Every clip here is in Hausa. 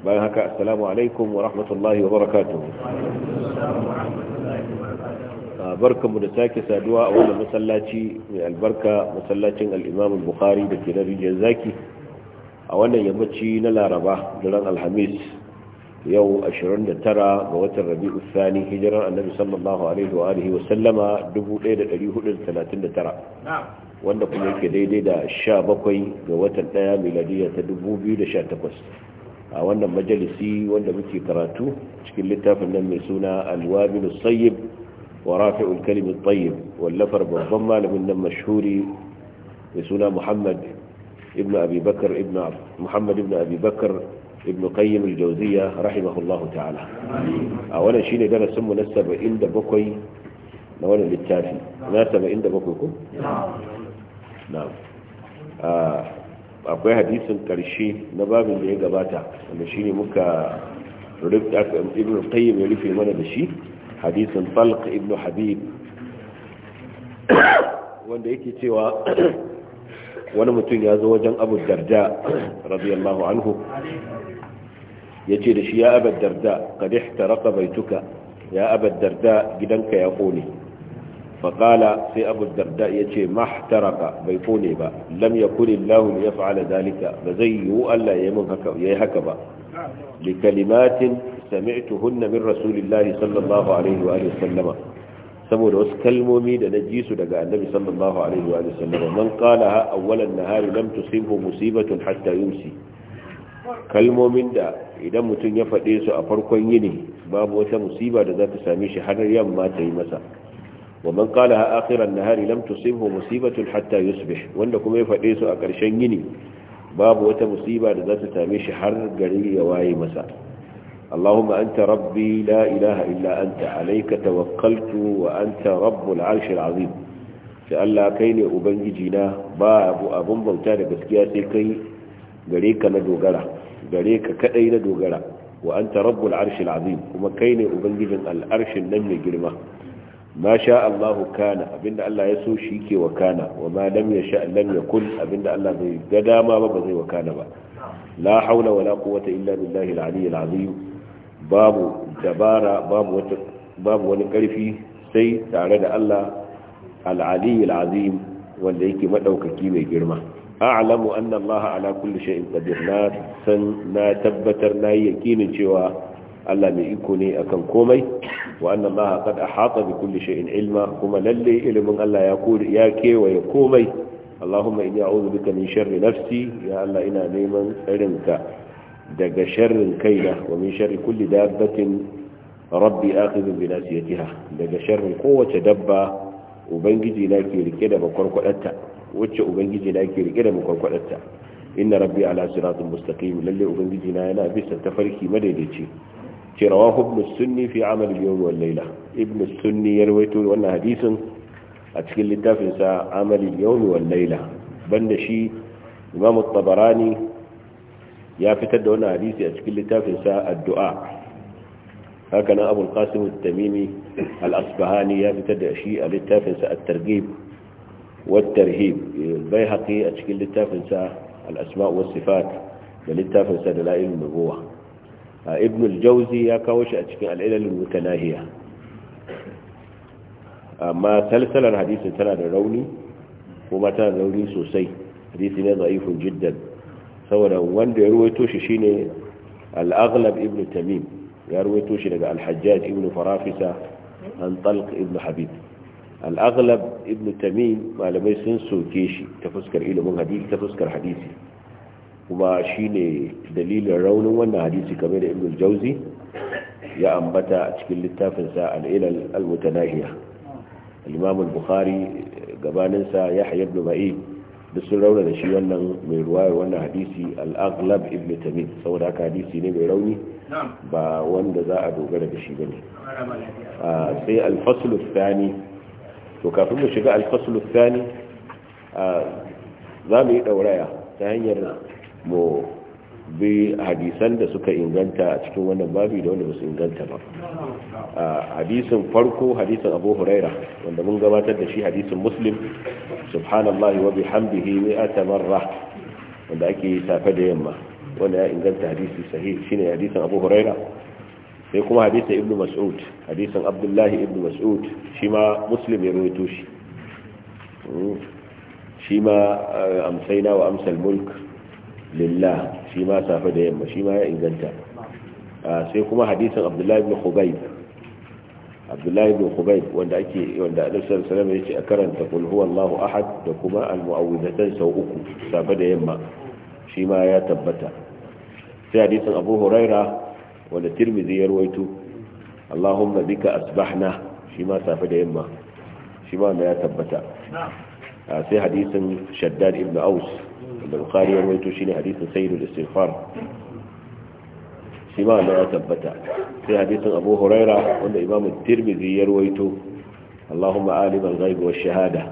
bayan haka assalamu alaikum wa rahmatullahi wa barakatuhu barkanmu da sake saduwa a wannan masallaci mai albarka masallacin al'imam bukhari da ke na rijiyar zaki a wannan yammaci na laraba daren alhamis yau 29 ga watan rabi'u sani hijirar annabi sallallahu alaihi wa alihi wa sallama 1439 wanda kuma yake daidai da 17 ga watan 1 miladiya ta 2018 a wannan majalisi wanda muke karatu cikin littafin nan mai suna alwabil sayyib wa rafi'ul kalim at-tayyib wallafar babban malamin nan mashhuri mai suna Muhammad Ibnu Abi Bakar ibn Muhammad ibn Abi Bakar ibn Qayyim al-Jawziyya rahimahullahu ta'ala a wannan shine darasin mu na 77 na wannan littafi na 77 ko na'am akwai hadisin karshe na babin da ya gabata wanda shine muka rubta ibn qayyim ya rufe mana da shi hadisin talq ibn habib wanda yake cewa wani mutum ya zo wajen abu darda radiyallahu anhu ya ce da shi ya abu darda kadai ta raka baituka ya abu darda gidanka ya kone faƙala sai abu darda ya ce mahtaraka bai kone ba lam ya kuni lahun ya fa'ala dalika ba zai yiwu Allah ya yi haka ba li kalimatin sami'tuhunna min rasulillahi sallallahu saboda wasu kalmomi da na ji su daga annabi sallallahu alaihi wa sallam man qala ha awwalan nahari lam tusibhu musibatun kalmomin da idan mutum ya faɗe su a farkon yini babu wata musiba da zata sami same shi yamma ta yi masa wa man qalaha akhiran nahari lam tusibhu musibatun hatta yusbih wanda kuma ya fade su a ƙarshen yini babu wata musiba da za ta same shi har gari ya waye masa اللهم أنت ربي لا إله إلا أنت عليك توكلت وأنت رب العرش العظيم فألا كيني أبنجينا باب أبن بوتان بسكياتي كي غريك ندوغرة غريك كأي ندوغرة وأنت رب العرش العظيم وما كيني أبنجينا الأرش النمي جرمه Na sha Allahu kana abinda Allah ya so shi ke wakana wa ma lam yasha lam yakun abinda Allah bai ga dama ba ba zai wakana ba Na haula wala quwwata illa billahi al-ali al-azim babu dabara babu wani karfi sai tare da Allah al-ali wanda yake maɗaukaki mai girma a'lamu anna Allah ala kulli shay'in qadir na san na tabbatar na yakinin cewa Allah mai iko ne akan komai wa anna Allah qad ahata bi kulli shay'in ilma kuma lalle ilimin Allah ya kore ya kewaye komai Allahumma inni a'udhu bika min sharri nafsi ya Allah ina neman tsarinka daga sharrin kaina wa min sharri kulli dabbatin rabbi akhidhu bi nasiyatiha daga sharrin kowace dabba ubangiji na ke rike da makwarkwadarta wacce ubangiji na ke rike da makwarkwadarta inna rabbi ala siratul mustaqim lalle ubangiji na yana bisa tafarki madaidaici رواه ابن السني في عمل اليوم والليلة ابن السني يروي تقول حديثا اتكلم دافس عمل اليوم والليلة شيء امام الطبراني يا فتد هنا حديثي أشكل لتافي الدعاء هكنا أبو القاسم التميمي الأصبهاني يا فتد أشيء لتافي ساء الترقيب والترهيب البيهقي أشكل لتافي ساء الأسماء والصفات لتافي ساء دلائل النبوة ibn al-jawzi ya kawo shi a cikin al'ilal mutanahiya amma salsalar hadisin tana da rauni kuma tana da rauni sosai hadisi ne za'ifun jiddan saboda wanda ya ruwaito shi shine al-aghlab ibn tamim ya ruwaito shi daga al-hajjaj ibn farafisa an talq ibn habib al-aghlab ibn tamim malamai sun soke shi ta fuskar ilimin hadisi ta fuskar hadisi kuma shi ne dalilin raunin wannan hadisi kamar da ibn jauzi ya ambata a cikin littafinsa al'ilal al-mutanahiya al bukhari gabaninsa yahya ibn ma'in da sun rauna da shi wannan mai ruwayar wannan hadisi al ibn tamim saboda haka hadisi ne mai rauni ba wanda za a dogara da shi bane sai al to kafin mu shiga al-fasl za mu yi dauraya ta hanyar mu bi hadisan da suka inganta a cikin wannan babi da wanda ba su inganta ba hadisin farko hadisin abu huraira wanda mun gabatar da shi hadisin muslim subhanallah wa bihamdihi mi'ata marra wanda ake safe da yamma wanda ya inganta hadisi sahih shine hadisin abu huraira sai kuma hadisin ibnu mas'ud hadisin abdullahi ibnu mas'ud shi ma muslim ya rawaito shi hmm. shi ma eh, amsaina wa amsal mulk lillah shi ma safe da yamma shi ma ya inganta ah, sai kuma hadisin abdullahi ibn khubayb abdullahi ibn khubayb wanda ake wanda annabi sallallahu alaihi wasallam a karanta qul huwallahu ahad da kuma almu'awwidatan sau uku safe da yamma shi ma ya tabbata sai hadisin abu huraira wanda tirmidhi ya rawaito allahumma bika asbahna shi ma safe da yamma shi ma ya tabbata ah, sai hadisin shaddad ibn aus da bukari ya waito shi ne hadisin sayidu da sifar shi ma Allah ya tabbata sai hadisin abu huraira wanda imamun tirmidhi ya waito allahumma aliman ghaibi wa shahada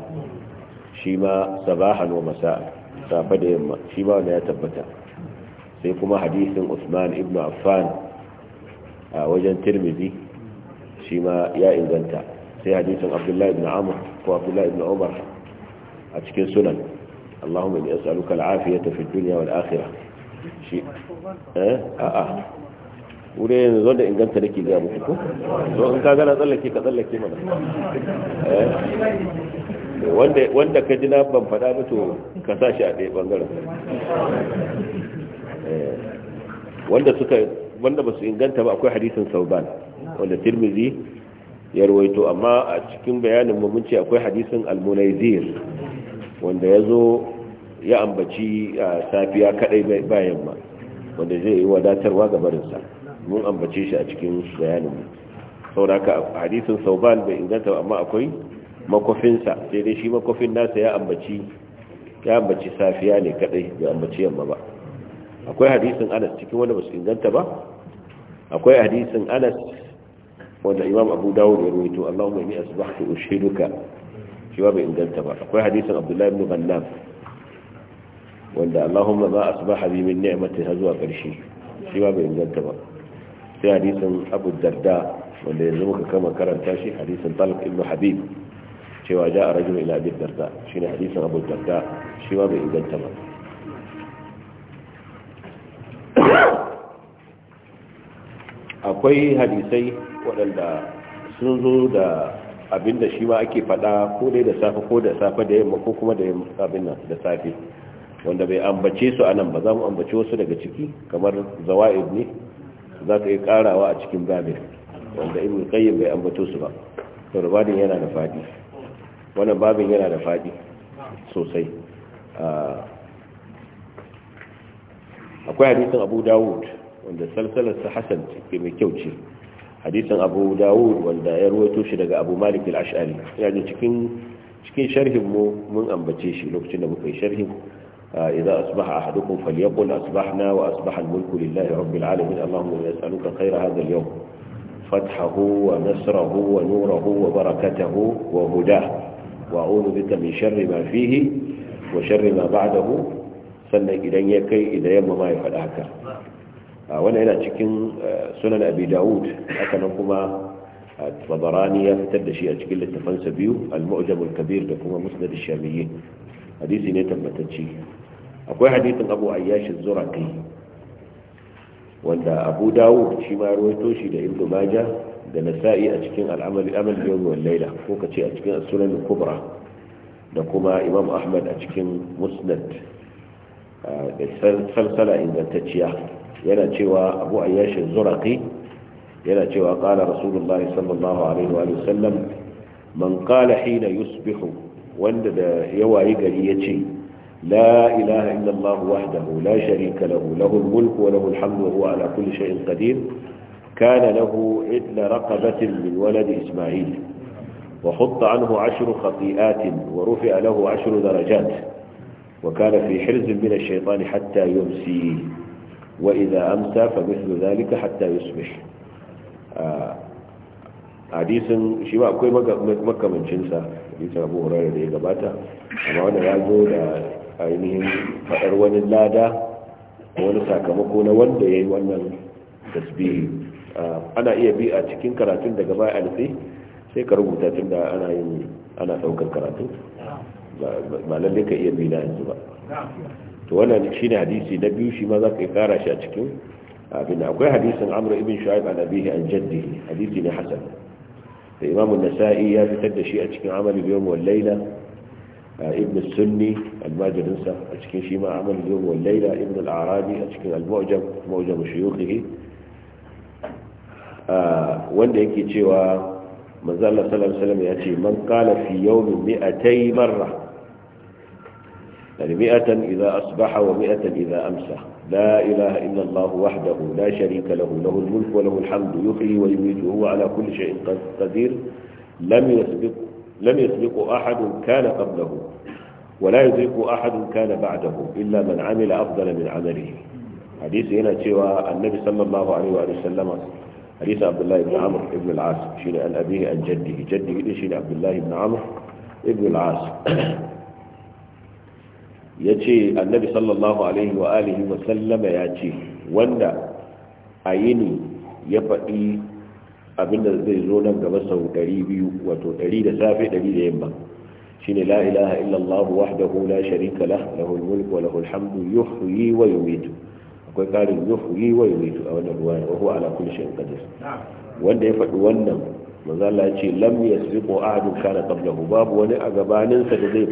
shi ma sabahan wa masa safa da yamma shi ma Allah ya tabbata sai kuma hadisin usman ibn affan a wajen tirmidhi shi ma ya inganta sai hadisin abdullahi ibn amur ko abdullahi ibn umar a cikin sunan اللهم إني أسألك العافية في الدنيا والآخرة شيء أه أه wurin zo da inganta nake ga muku ko to in ka gana tsallake ka tsallake mana wanda ka ji na ban faɗa ba ka sa shi a ɗaya bangaren wanda ba su inganta ba akwai hadisin sauban wanda tirmizi ya ruwaito amma a cikin bayanin mu akwai hadisin al-munaizir wanda ya zo ya ambaci safiya kadai bayan ma wanda zai yi wadatarwa ga barinsa mun ambace shi a cikin bayaninmu sauraka hadisin sauban bai inganta amma akwai makofinsa sai dai shi makofin nasa ya ambaci ya ambaci safiya ne kadai bai ambaci yamma ba akwai hadisin anas cikin wanda ba su inganta ba akwai hadisin anas wanda imam abu dawud ya ruwaito allahumma inni asbahtu ushiduka cewa bai inganta ba akwai hadisin abdullahi ibn ghannam wanda allahumma ma asbaha bi min ni'mati har zuwa karshe shi ba bai inganta ba sai hadisin abu darda wanda yanzu muka kama karanta shi hadisin talq ibn habib cewa ja a rajul ila abi darda Shi ne hadisin abu darda shi ba bai inganta ba akwai hadisai waɗanda sun zo da abinda shi ma ake faɗa ko dai da safe ko da safe da yamma ko kuma da yamma abin nan da safe wanda bai ambace su a nan ba za mu ambace wasu daga ciki kamar zawa'id ne za ka yi karawa a cikin babin wanda ibn qayyim bai ambato su ba to rubadin yana da fadi wannan babin yana da fadi sosai akwai hadisin abu dawud wanda salsalar sa hasan ke mai kyau ce hadisin abu dawud wanda ya ruwaito shi daga abu malik al-ash'ari Ya ji cikin sharhinmu sharhin mun ambace shi lokacin da muka sharhin ah, idza asbaha ahadukum falyaqul asbahna wa asbaha mulku lillahi rabbil alamin allahumma yas'aluka khayra hadha al-yawm fathahu wa nasrahu wa nurahu wa barakatahu wa hudahu wa a'udhu bika min sharri ma fihi wa sharri ma ba'dahu sannan idan ya kai idan yamma ma ya fada haka wannan yana cikin sunan abi dawud haka nan kuma tabarani ya fitar da shi a cikin littafansa biyu al-mu'jam kabir da kuma musnad ash-shamiyyi hadisi ne tabbatacce akwai hadisin abu ayyash az-zurqi wanda abu dawud shi ma rawaito shi da ibnu majah da nasa'i a cikin al'amali amal yawm wal layla ko kace a cikin sunan al-kubra da kuma imam ahmad a cikin musnad da salsala ingantacciya yana cewa abu ayyashin zuraqi yana cewa qala rasulullahi sallallahu alaihi wa sallam man qala hina yusbihu wanda da yawayi gari yace la ilaha illallah wahdahu la sharika lahu lahul mulku wa lahul hamdu wa huwa ala kulli shay'in qadir kana lahu كان له عدل رقبة من ولد إسماعيل وحط عنه عشر خطيئات ورفع له عشر درجات وكان في حرز من الشيطان حتى يمسي wa idza amsa fa mithlu zalika hatta yusbih hadisin shi ba akwai makamancin sa hadisin Abu Hurairah da ya gabata amma wanda ya zo da ainihin fadar wani lada wani sakamako na wanda yayi wannan tasbihi ana iya bi a cikin karatun daga baya alfi sai ka rubuta tun da ana yin ana daukar karatu ba lalle ka iya bi na yanzu ba to wannan shine hadisi na biyu shi ma za ka kara shi a cikin abin akwai hadisin amr ibn shu'aib an abihi an jaddihi hadisi ne hasan da imam an nasa'i ya fitar da shi a cikin amali biyu wal laila ibn sunni al-majdin sa a cikin shi ma amali biyu wal laila ibn al-arabi a cikin al-mu'jam mu'jam shuyukhihi wanda yake cewa manzo Allah sallallahu alaihi wasallam ya ce man qala fi yawmin 200 marra يعني مئة إذا أصبح ومئة إذا أمسى لا إله إلا الله وحده لا شريك له له الملك وله الحمد يحيي ويميت وهو على كل شيء قدير لم يسبق لم يسبق أحد كان قبله ولا يدرك أحد كان بعده إلا من عمل أفضل من عمله حديث هنا سوى النبي صلى الله عليه وآله وسلم حديث عبد الله بن عمرو بن العاص شين عن أبيه عن جده جده شين عبد الله بن عمرو بن العاص ya ce annabi sallallahu alaihi wa alihi wa sallama ya ce wanda a yini ya faɗi abinda zai zo nan gaba sau 200 wato 100 da safe 100 da yamma shine la ilaha illallahu wahdahu la sharika lah lahul mulku wa lahul hamdu yuhyi wa yumiitu akwai karin yuhyi wa yumiitu a wannan ruwaya wa huwa ala kulli shay'in qadir wanda ya faɗi wannan manzo Allah ya ce lam yasbiqu ahadun kana qablahu babu wani a gabaninsa da zai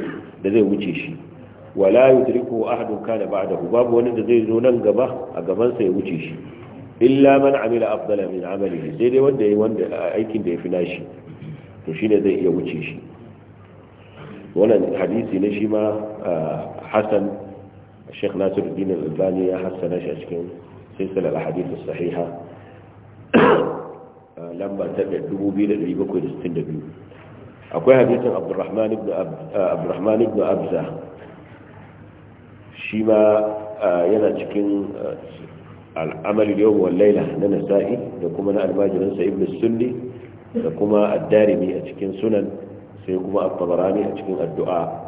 da zai wuce shi wala yudriku ahadun kana ba'dahu babu wani da zai zo nan gaba a gaban sa ya wuce shi illa man amila afdala min amalihi sai dai wanda yayi wanda aikin da ya fi nashi to shine zai iya wuce shi wannan hadisi ne shi ma Hassan, Sheikh Nasiruddin Al-Albani ya hassana shi a cikin silsilar al-hadith as-sahiha lamba ta 2762 akwai hadisin Abdurrahman ibn Abdurrahman ibn Abza shi ma yana cikin al'amal yau wallaila na nasa'i da kuma na almajiransa ibn sunni da kuma addarimi a cikin sunan sai kuma al a cikin addu'a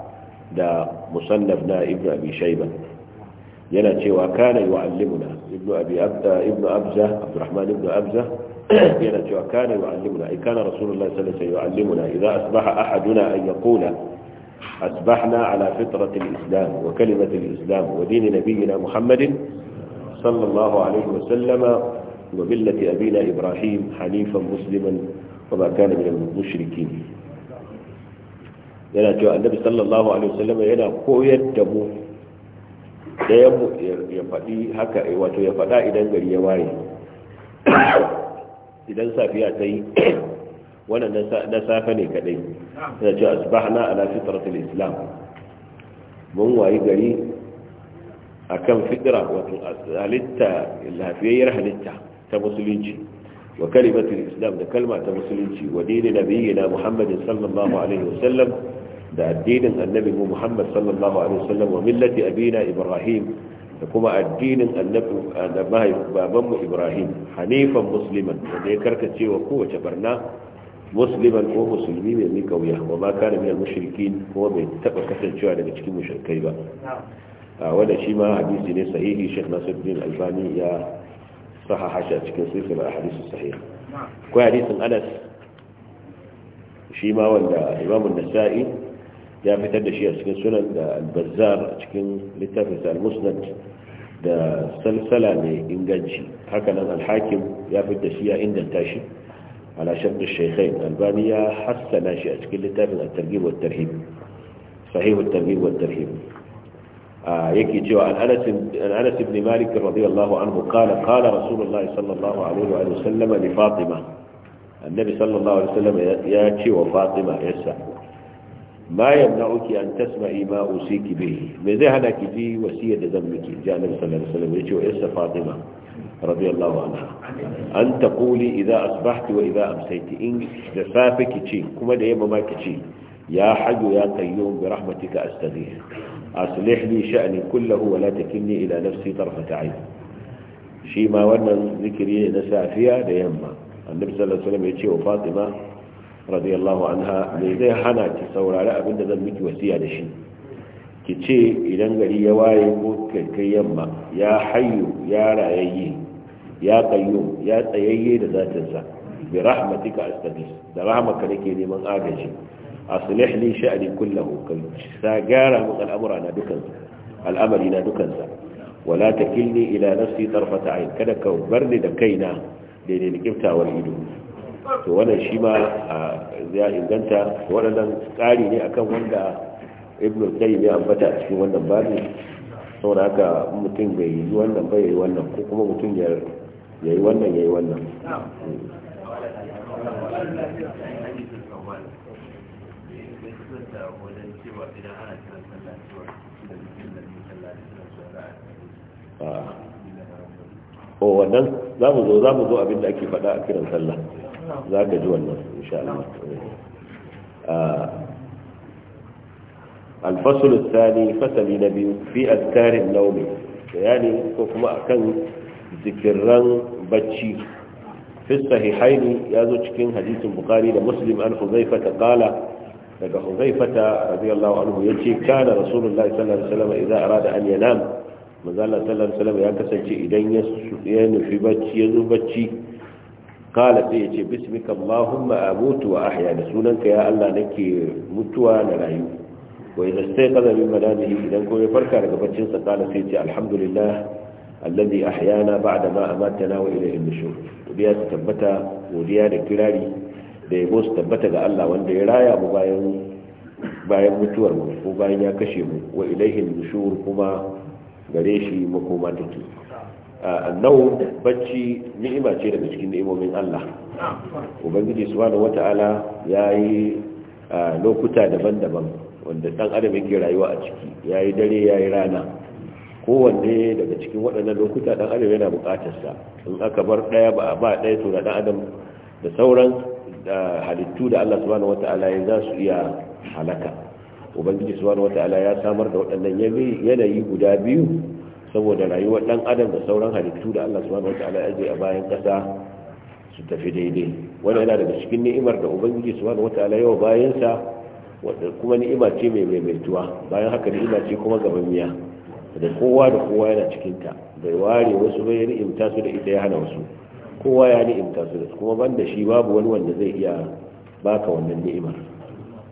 da musannaf na ibn abi shayba yana cewa kana yu'allimuna ibn abi abda ibn abza abdurrahman ibn abza yana cewa kana yu'allimuna ay kana rasulullahi sallallahu alaihi wasallam yu'allimuna idza asbaha ahaduna an yaqula أصبحنا على فطرة الإسلام وكلمة الإسلام ودين نبينا محمد صلى الله عليه وسلم وملة أبينا إبراهيم حنيفا مسلما وما كان من المشركين yana cewa annabi sallallahu alaihi wasallam yana koyar da mu da mu ya faɗi haka wato ya faɗa idan gari ya waye idan safiya ta yi wannan na safe ne kadai na ce asbahna ala fitratul islam mun wayi gari akan fitra wato halitta lafiyayyar halitta ta musulunci wa kalimatul islam da kalma ta musulunci wa dinin nabiyina muhammadin sallallahu alaihi wasallam da addinin annabi mu muhammad sallallahu alaihi wasallam wa millati abina ibrahim da kuma addinin annabi babanmu ibrahim hanifan musliman wanda ya karkace wa kowace barna musliman ko musulmi mai mika wuya wa ma kana minal mushrikin ko bai taba kasancewa daga cikin mushrikai ba wanda shi ma hadisi ne sahihi Sheikh Nasiruddin Albani ya sahaha shi a cikin a hadisi sahih ko hadisin Anas shi ma wanda Imam nasai ya fitar da shi a cikin sunan da Al-Bazzar a cikin littafin Al-Musnad da salsala mai inganci hakanan Al-Hakim ya fitar da shi ya inganta shi على شرط الشيخين البانية حتى ناشئة كلتها من الترغيب والترهيب صحيح الترغيب والترهيب آه يكي جوا الأنس بن مالك رضي الله عنه قال قال رسول الله صلى الله عليه وآله وسلم لفاطمة النبي صلى الله عليه وسلم ياتي وفاطمة يسع ما يمنعك أن تسمعي ما أوصيك به ماذا هناك دي وسيد ذنبك جاء النبي صلى الله عليه وسلم يتي ويسع فاطمة رضي الله عنها أن تقولي إذا أصبحت وإذا أمسيت إن دسافك تشي كما ديما ما كتشي يا حي يا قيوم برحمتك أستغيث أصلح لي شأني كله ولا تكلني إلى نفسي طرفة عين شي ما ورنا ذكري نسافيا ديما النبي صلى الله عليه وسلم يتشي وفاطمة رضي الله عنها لذي حنا تصور على أبن ذا ميت وسيا دشي ki ce idan gari ya waye ko kai yamma ya hayu ya rayayye ya qayyum ya tsayayye da zatinsa bi rahmatika astaghis da rahmaka nake neman agaji aslih li sha'ni kullahu kai sagara mu al'amura na dukan al'amari na dukan sa wala takilni ila nafsi tarfata ayn kada ka barni da kaina daidai da kiftawar ido to wannan shi ma ya inganta waɗannan tsari ne akan wanda ibnu qayyim ya ambata cikin wannan babu saboda haka mutum bai yi wannan bai yi wannan ko kuma mutum ya ya yi wannan ya yi wannan ah. o oh, wannan za mu zo za mu zo abin da ake faɗa a kiran sallah za ka ji wannan insha Allah الفصل ah. nabi fi نبي في nawm النوم ko kuma akan zikirran bacci fi haini ya zo cikin hadisin bukari da muslim an huzaifata qala daga huzaifata radiyallahu anhu ya ce kana rasulullahi sallallahu alaihi wasallam idza arada an yanam manzo Allah sallallahu alaihi wasallam ya kasance idan ya nufi bacci ya zo bacci kala sai yace bismika allahumma amutu wa ahya da sunanka ya Allah nake mutuwa na rayu wa idza stayqadha min manamihi idan ko ya farka daga baccin sa kala sai ce alhamdulillah alladhi ahyana ba'da ma amatana wa ilayhi nushur godiya ta tabbata godiya da kirari da yabo su tabbata ga Allah wanda ya raya mu bayan bayan mutuwar mu ko bayan ya kashe mu wa ilayhi nushur kuma gare shi makoma take annau bacci ni'ima ce daga cikin ni'imomin Allah ubangiji subhanahu wata'ala yayi lokuta daban-daban wanda dan adam yake rayuwa a ciki yayi dare yayi rana kowanne daga cikin waɗannan lokuta ɗan adam yana buƙatarsa in aka bar ɗaya ba a ba ɗaya to da ɗan adam da sauran halittu da Allah subhanahu wata'ala ya za su iya halaka ubangiji subhanahu wata'ala ya samar da waɗannan yanayi guda biyu saboda rayuwar ɗan adam da sauran halittu da Allah subhanahu wata'ala ya je a bayan ƙasa su tafi daidai wani yana daga cikin ni'imar da ubangiji subhanahu wata'ala wa bayansa kuma ni'ima ce mai maimaituwa bayan haka ni'ima ce kuma miya. da kowa da kowa yana cikinta bai ware wasu bai ni'imta su da ita ya hana wasu kowa ya ni'imta su da su kuma banda shi babu wani wanda zai iya baka wannan ni'imar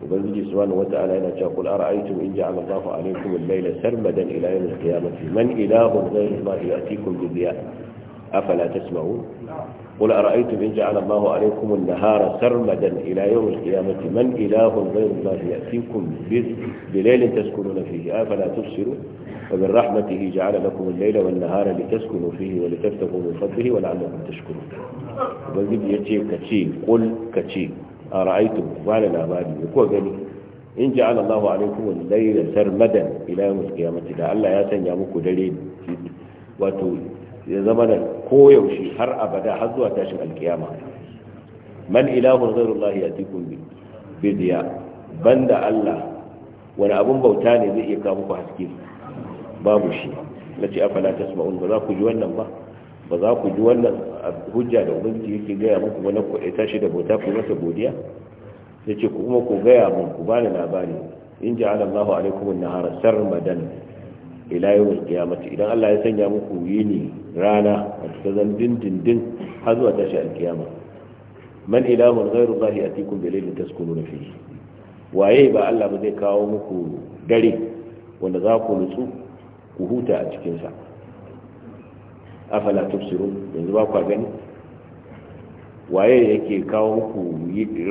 ubangiji wata ala yana cewa kul ara'aytum in ja'ala Allahu alaykum al-layla sarmadan ila yawm al-qiyamati man ilahun zai Allah ya'tikum tikun dubiya. أفلا تسمعون قل أرأيتم إن جعل الله عليكم النهار سرمدا إلى يوم القيامة من إله غير الله يأتيكم بليل تسكنون فيه أفلا تبصرون ومن رحمته جعل لكم الليل والنهار لتسكنوا فيه ولتبتغوا من فضله ولعلكم تشكرون وبالجد يتي كتي قل كتي أرأيتم وعلى الأبادي يقول غني إن جعل الله عليكم الليل سرمدا إلى يوم القيامة لعل يا سنيامك دليل وتولي ya zama da koyaushe har abada har zuwa tashin alkiyama man ilahun zairullahi ya tikun bidiya banda Allah wani abun bauta ne zai iya kawo muku haske babu shi na ce afala ta ba za ku ji wannan ba ba za ku ji wannan hujja da ubangiji yake gaya muku wani kuɗe tashi da bauta ku masa godiya ya ce kuma ku gaya muku ku bani labari in ji alallahu alaikum nahara sarmadan ila yawm kiyamata idan Allah ya sanya muku yini rana a ta zan dindindin har zuwa tashi alkiyama man ilahun ghairu zahi a tikun su taskunu na fi waye ba allah ba zai kawo muku dare wanda za ku nutsu ku huta a cikinsa afala tufsirun yanzu ba kwa gani waye yake kawo ku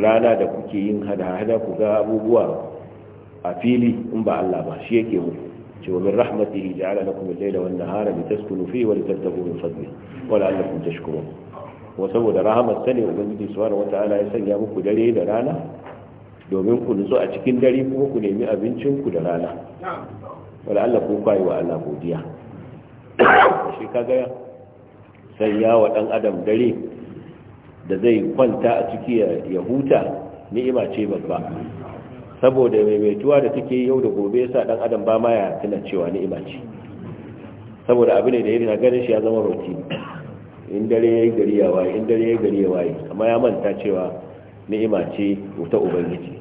rana da kuke yin hada-hada ku ga abubuwa a fili in ba Allah ba shi yake muku ومن رحمته جعل لكم الليل والنهار لتسكنوا فيه ولتبتغوا من فضله ولعلكم تشكرون وسود رحمة سنة وبنجي سبحانه وتعالى sanya muku dare da rana domin ku nutsu a cikin dare kuma ku nemi abincin ku da rana wala Allah ka kai wa Allah godiya shi sanya wa dan adam dare da zai kwanta a ciki ya huta ni'ima ce babba saboda maimaituwa da take yau da gobe yasa dan adam ba ma ya tuna cewa ni'ima ce saboda abu ne da yana ganin shi ya zama roti in dare yayi gari ya waye in dare yayi gari ya waye amma ya manta cewa ni'ima ce ta ubangiji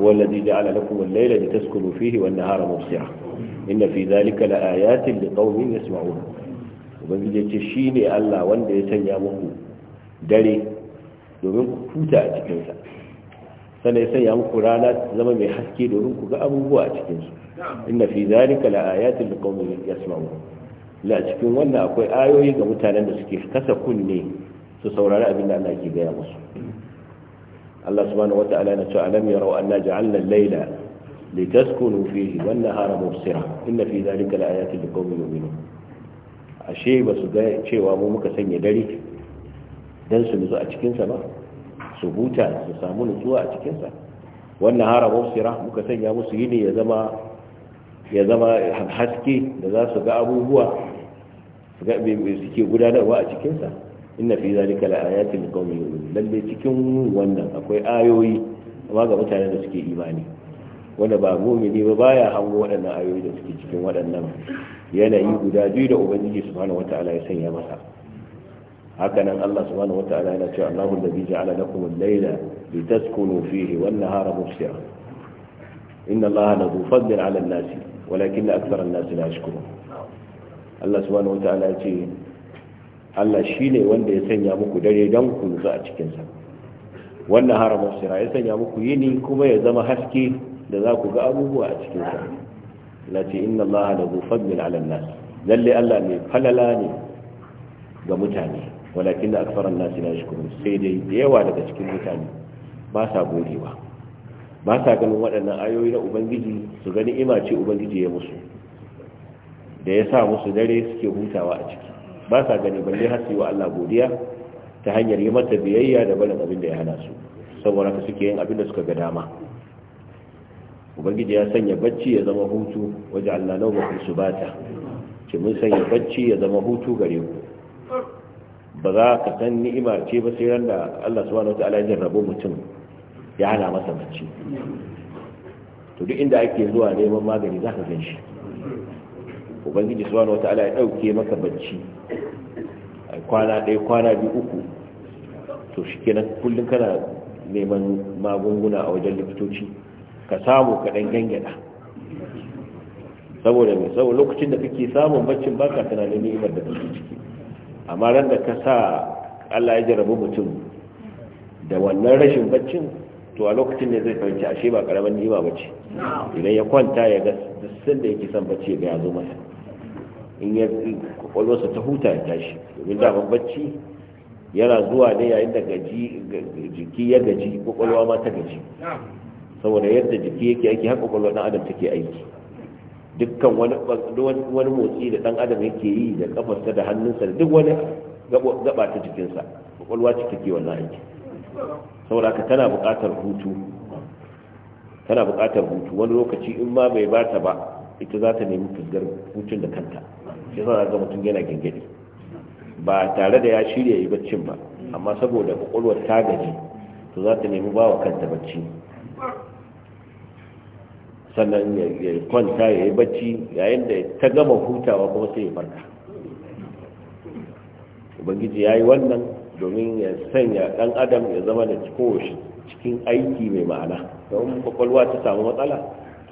wallazi ja'ala lakum al-layla litaskunu fihi wan-nahara mubsira inna fi dhalika laayatin liqaumin yasma'un ubangiji ce shine Allah wanda ya sanya muku dare domin ku huta a cikin sa sannan ya sanya muku rana zama mai haske domin ku ga abubuwa a cikinsu inna fi zalika la ayatin li qaumin yasma'un la cikin wannan akwai ayoyi ga mutanen da suke kasa kunne su saurari abin da Allah ke gaya musu Allah subhanahu wata'ala na cewa alam yarau anna ja'alna al-laila litaskunu fihi wan nahara mubsira inna fi zalika la ayatin li qaumin yu'minun ashe ba su ga cewa mu muka sanya dare dan su nutsu a cikin sa ba su huta su samu nutsuwa a cikinsa wannan hara mafsira muka sanya musu yi ya zama ya zama haske da za su ga abubuwa su ga suke gudanarwa a cikinsa inna fi zalika la'ayatin liqaumin yu'minun lalle cikin wannan akwai ayoyi amma ga mutanen da suke imani wanda ba ne ba baya hango waɗannan ayoyi da suke cikin waɗannan yanayi guda biyu da ubangiji subhanahu wataala ya sanya masa haka nan Allah subhanahu wataala yana cewa Allahu allazi ja'ala lakum al-layla litaskunu fihi wan-nahara mubsira inna Allaha la dhu fadlin 'ala an-nasi walakinna akthara an-nasi la yashkurun Allah subhanahu wataala yace Allah shine wanda ya sanya muku dare dan ku nutsu a cikin sa wan-nahara mubsira ya sanya muku yini kuma ya zama haske da za ku ga abubuwa a cikin sa lati inna Allaha la dhu fadlin 'ala an-nas lalle Allah ne falala ne ga mutane walakin da akfaran nasi na shukuru sai dai da yawa daga cikin mutane ba sa godewa ba sa ganin waɗannan ayoyi na ubangiji su gani ima ce ubangiji ya musu da ya sa musu dare suke hutawa a ciki ba sa gani balle har wa Allah godiya ta hanyar yi mata biyayya da barin abin da ya hana su saboda ka suke yin abin da suka ga dama ubangiji ya sanya bacci ya zama hutu waje Allah nau ba ku subata ce mun sanya bacci ya zama hutu gare ku ba za ka san ni'ima ce ba sai ran da Allah subhanahu wataala ya jarrabo mutum ya hana masa bacci to duk inda ake zuwa neman magani za ka gan shi ubangiji subhanahu wataala ya dauke maka bacci kwana ɗaya kwana biyu uku to shikenan kullum kana neman magunguna a wajen likitoci ka samu ka dan gangada saboda mai saboda lokacin da kake samun baccin baka tunanin ni'imar da kake ciki amma ran da ka sa Allah ya jarabi mutum da wannan rashin baccin to a lokacin ne zai fahimci ashe ba karamin nima bace idan ya kwanta ya ga sun da yake son bacci ya zo masa in ya kwakwalwarsa ta huta ya tashi domin da bacci yana zuwa ne yayin da jiki ya gaji kwakwalwa ma ta gaji saboda yadda jiki yake aiki haka kwakwalwa dan adam take aiki dukkan wani motsi da dan adam yake yi da kafarsa da hannunsa da duk wani gaba ta jikinsa kwakwalwa ce take wannan aiki saboda ka tana buƙatar hutu tana buƙatar hutu wani lokaci in ma bai ba ta ba ita za ta nemi fuskar hutun da kanta shi sa ga mutum yana gingiri ba tare da ya shirya yi baccin ba amma saboda kwakwalwar ta gaji to za ta nemi ba wa kanta bacci sannan ya kwanta ya yi bacci yayin da ta gama hutawa kuma sai ya farka ubangiji ya yi wannan domin ya sanya dan adam ya zama da kowace cikin aiki mai ma'ana don kwakwalwa ta samu matsala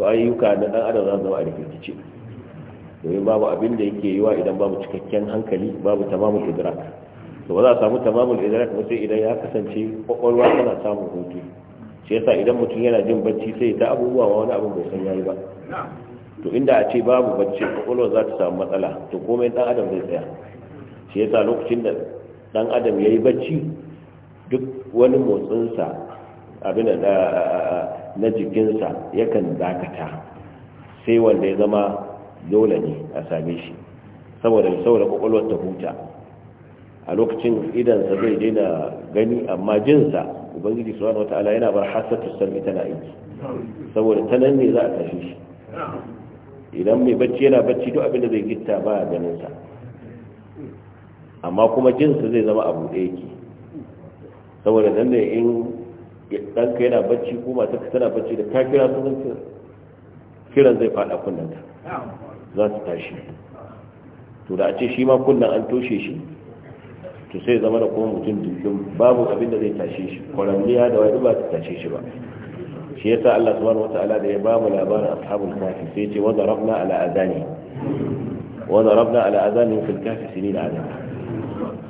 to ayyuka na dan adam za zama a rikice domin babu abin da yake yiwa idan babu cikakken hankali babu tamamul idrak to ba za a samu tamamul idrak ba sai idan ya kasance kwakwalwa tana samun hutu shi yasa idan mutum yana jin bacci sai ta abubuwa ma wani abin bai san yayi ba to inda a ce babu bacci kwakwalwa za ta samu matsala to komai dan adam zai tsaya shi yasa lokacin da dan adam ya yi bacci duk wani motsinsa abin da eh, na jikinsa yakan dakata sai wanda ya zama dole ne a same shi saboda saboda kwakwalwar ta huta a lokacin idansa zai daina gani amma jinsa ubangiji subhanahu wataala yana bar hasatu sami tana aiki saboda ta nan ne za a tashi shi idan mai bacci yana bacci duk abin da zai gitta ba a ganin sa amma kuma jinsa zai zama abu da yake saboda nan ne in ɗanka yana bacci ko ta ka tana bacci da ka kira sunan kiran zai faɗa kunnen za su tashi to da a ce shi ma kunnan an toshe shi to sai zama da kuma mutum dukkan babu abin da zai tashe shi kwaramniya da wani ba ta tashe shi ba shi yasa Allah subhanahu wata'ala da ya ba mu labarin ashabul kafi sai ce wanda rabna ala azani wanda rabna ala azani fil kafi da azan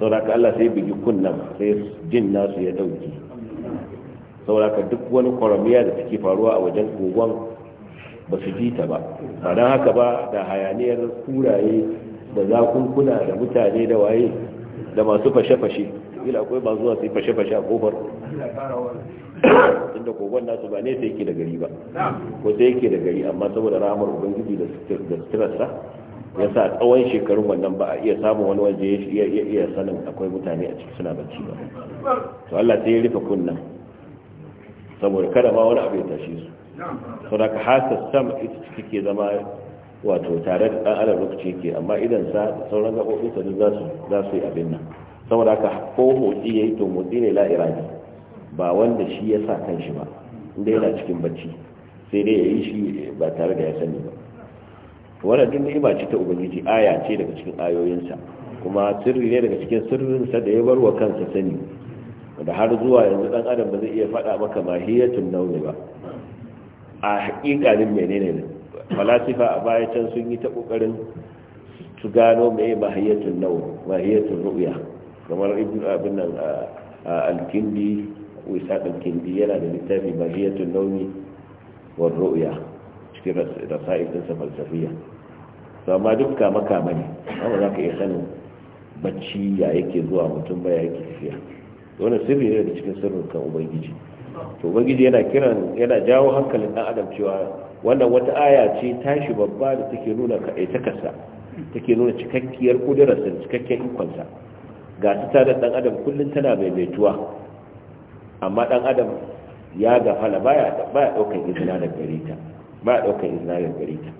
saboda Allah sai bigi kunnan sai jin nasu ya dauki saboda duk wani kwaramniya da take faruwa a wajen kogon ba su ji ta ba ba don haka ba da hayaniyar kuraye da zakunkuna da mutane da waye da masu fashe-fashe ila akwai ba zuwa sai fashe-fashe a kofar inda kogon nasu ba ne sai yake da gari ba ko sai yake da gari amma saboda ramar ubangiji da sitirarsa ya sa tsawon shekarun wannan ba a iya samun wani waje ya iya sanin akwai mutane a ciki suna bacci ba to Allah sai ya rufe kunnan saboda kada ma wani abu ya tashe su saboda ka hasa sama ita ke zama wato tare da ɗan adam lokaci yake amma idan sa sauran sa duk za su yi abin nan saboda haka ko motsi ya yi to motsi ne ne ba wanda shi ya sa kan shi ba inda yana cikin bacci sai dai ya yi shi ba tare da ya sani ba wannan duk ni'ima ce ta ubangiji aya ce daga cikin ayoyinsa kuma sirri ne daga cikin sirrinsa da ya bar wa kansa sani da har zuwa yanzu ɗan adam ba zai iya faɗa maka mahiyatun nauni ba a haƙiƙanin menene ne falasifa a baya can sun yi ta kokarin su gano mai mahiyatun nau mahiyatun ru'ya kamar ibn abin nan alkindi wisa alkindi yana da littafi mahiyatun nauni wa ru'ya cikin rasa'il din sa falsafiya to amma duk kama kama ne amma za ka iya sanin bacci ya yake zuwa mutum ba ya yake tafiya wannan sirri ne da cikin sirrin kan ubangiji to ubangiji yana kiran yana jawo hankalin dan adam cewa wannan wata aya ce tashi babba da take nuna kaɗaitakarsa take nuna cikakkiyar ƙudurarsa da cikakken ikonsa ga su ta ɗan adam kullum tana maimaituwa amma ɗan adam ya gafala ba ya daukar izina da gare ta ba ya izina da gare ta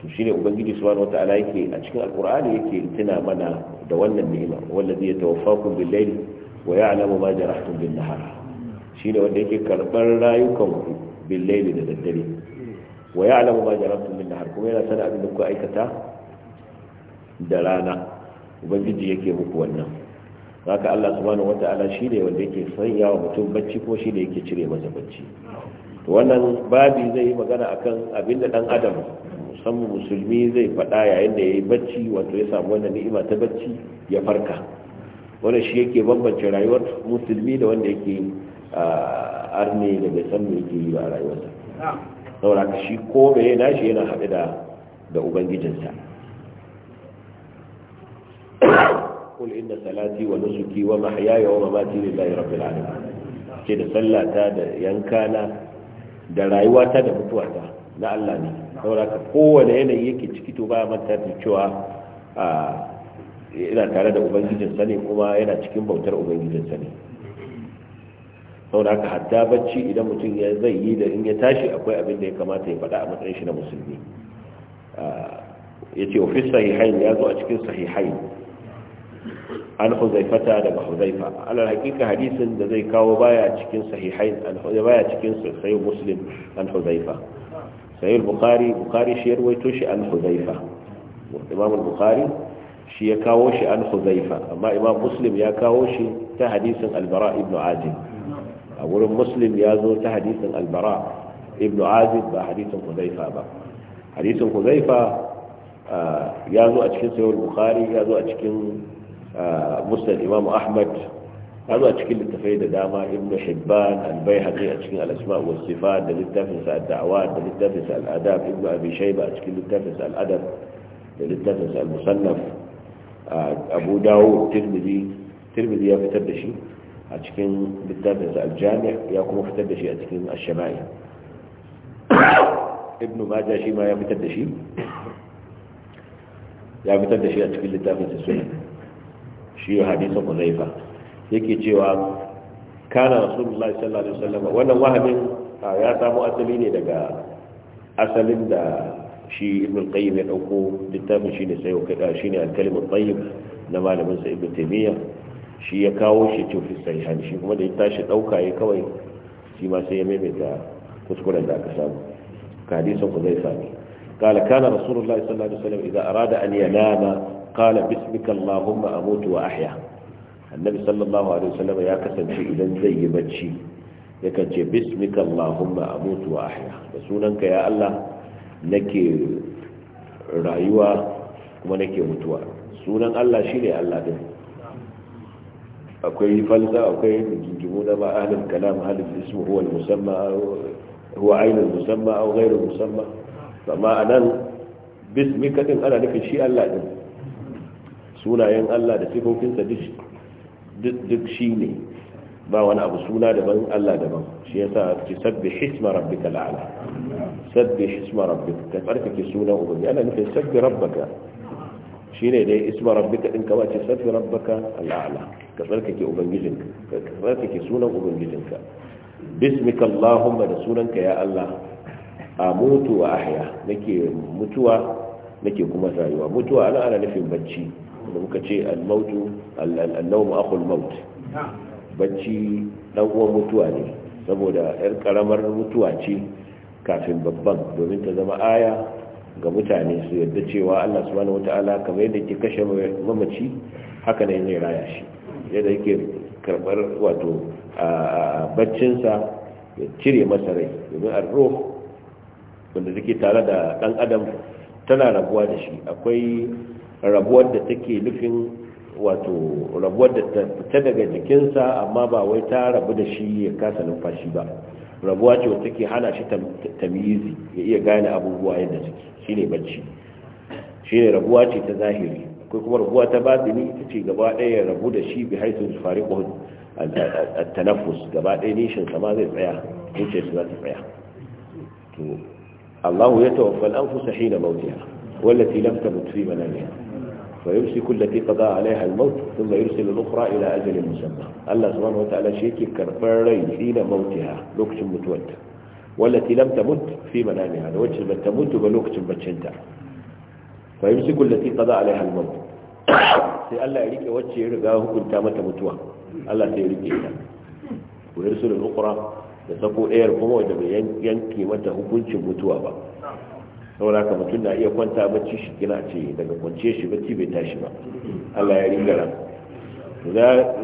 to shine ubangiji subhanahu wata'ala yake a cikin alqur'ani yake tuna mana da wannan ni'ima wallazi yatawaffakum bil layli wa ya'lamu ma jarahtum bin nahar shine wanda yake karbar rayukan ku bil layli da daddare wa Alama ma jaramtum min nahar kuma yana sana abin da ku aikata da rana ubangiji yake muku wannan haka Allah subhanahu wata'ala shi ne wanda yake sanya wa mutum bacci ko shi ne yake cire masa bacci to wannan babi zai yi magana akan abin da dan adam musamman musulmi zai faɗa yayin da yayi bacci wato ya samu wannan ni'ima ta bacci ya farka wannan shi yake bambance rayuwar musulmi da wanda yake ah, arne da bai san me yake yi a rayuwarsa saboda ka shi ko na nashi yana haɗe da da ubangijinsa kul inna salati wa nusuki wa mahyaya wa mamati lillahi rabbil alamin ce da sallata da yankana da rayuwata da mutuwata na Allah ne saboda ka kowane yanayi yake ciki to ba manta da cewa ina tare da ubangijinsa ne kuma yana cikin bautar ubangijinsa ne saboda haka hatta bacci idan mutum ya zai yi da in ya tashi akwai abin da ya kamata ya faɗa a matsayin shi na musulmi ah, ya ce ofis sahihain ya zo a cikin sahihain an huzaifata daga huzaifa alal hakika hadisin da zai kawo baya cikin sahihain baya cikin sahih muslim an huzaifa sahih bukari bukari shi ya rawaito shi an huzaifa imam bukari shi ya kawo shi an huzaifa amma imam muslim ya kawo shi ta hadisin albara ibn ajib أول مسلم يازو تحديث البراء ابن عازب بحديث خزيفة حديث خزيفة يازو أتكين سيو البخاري يازو أتكين آه، مسلم إمام أحمد هذا أتكين للتفيد داما ابن حبان البيحقي أتكين الأسماء والصفات للتفنس الدعوات للتفنس الأداب ابن أبي شيبة أتكين للتفنس الأدب للتفنس المصنف آه، أبو داود ترمذي ترمذي يفتر بشي a cikin littafin sa aljami ya kuma fitar da shi a cikin ashamai ibnu majah shi ma ya fitar da shi ya fitar da shi a cikin littafin sa sunan shi hadisin Huzaifa yake cewa kana rasulullahi sallallahu alaihi wasallam wannan wahamin ya samu asali ne daga asalin da shi ibn qayyim ya dauko littafin shi ne sai shi ne al-kalimat tayyib na malamin sa ibn taymiyyah shi ya kawo shi to fi shi kuma da ya tashi ɗauka ya kawai shi ma sai ya maimaita kuskuren da aka samu ka hadisin ku zai sami قال كان رسول الله صلى الله عليه وسلم إذا أراد أن ينام قال باسمك اللهم أموت وأحيا النبي صلى الله عليه وسلم يا كسن شيء إذا زي بتشي yakan ce bismika allahumma amutu wa ahya da sunanka ya Allah nake rayuwa kuma nake mutuwa sunan Allah ne Allah din akwai falsa akwai jinjimu na ma ahlul kalam ahlul ismu huwa musamma huwa ainul musamma aw ghairul musamma amma anan bismika din ana nufin shi Allah din sunayen Allah da sifofinsa duk shi ne ba wani abu suna daban Allah daban shi yasa ki sabbi hisma rabbika la'ala sabbi hisma rabbika ka tsarkake sunan ubangi ana nufin sabbi rabbaka shine dai isma rabbika din kama ce sabbi rabbaka al'ala ka tsarkake ubangijinka ka tsarkake sunan ubangijinka bismika allahumma da sunanka ya allah a wa ahya nake mutuwa nake kuma rayuwa mutuwa ana ana nufin bacci da muka ce al-mautu al-nawm akhul maut bacci dan uwan mutuwa ne saboda yar karamar mutuwa ce kafin babban domin ta zama aya ga mutane su yadda cewa Allah subhanahu wata'ala kamar yadda ke kashe mamaci haka ne zai raya shi yadda yake karbar wato sa ya cire masa rai domin ar-ruh wanda take tare da dan adam tana rabuwa da shi akwai rabuwar da take nufin wato rabuwar da ta daga jikinsa amma ba wai ta rabu da shi ya kasa numfashi ba rabuwa ce wacce ke hana shi tamizi ya iya gane abubuwa yadda suke ne bacci ne rabuwa ce ta zahiri akwai kuma rabuwa ta batini ita ce gaba ɗaya ya rabu da shi bi haisu fariqu at tanafus gaba ɗaya nishin sama zai tsaya zuciya su za ta tsaya to ya tawaffal anfusa hina mautiha wallati lam tamut fi manamiha فيمسك التي قضى عليها الموت ثم يرسل الأخرى إلى أجل المسمى الله سبحانه وتعالى شيك كربرين حين موتها لوكت متوت والتي لم تمت في منامها لوكت من تمت بلوكت بتشنت فيمسك التي قضى عليها الموت سي الله يريك وجه يرغاه كنت مت متوا الله سيريك ويرسل الأخرى يسقوا إير قموة بيانكي مت هكونش متوا بقى saboda haka mutum na iya kwanta bacci shi gina ce daga kwance shi bacci bai tashi ba Allah ya ringara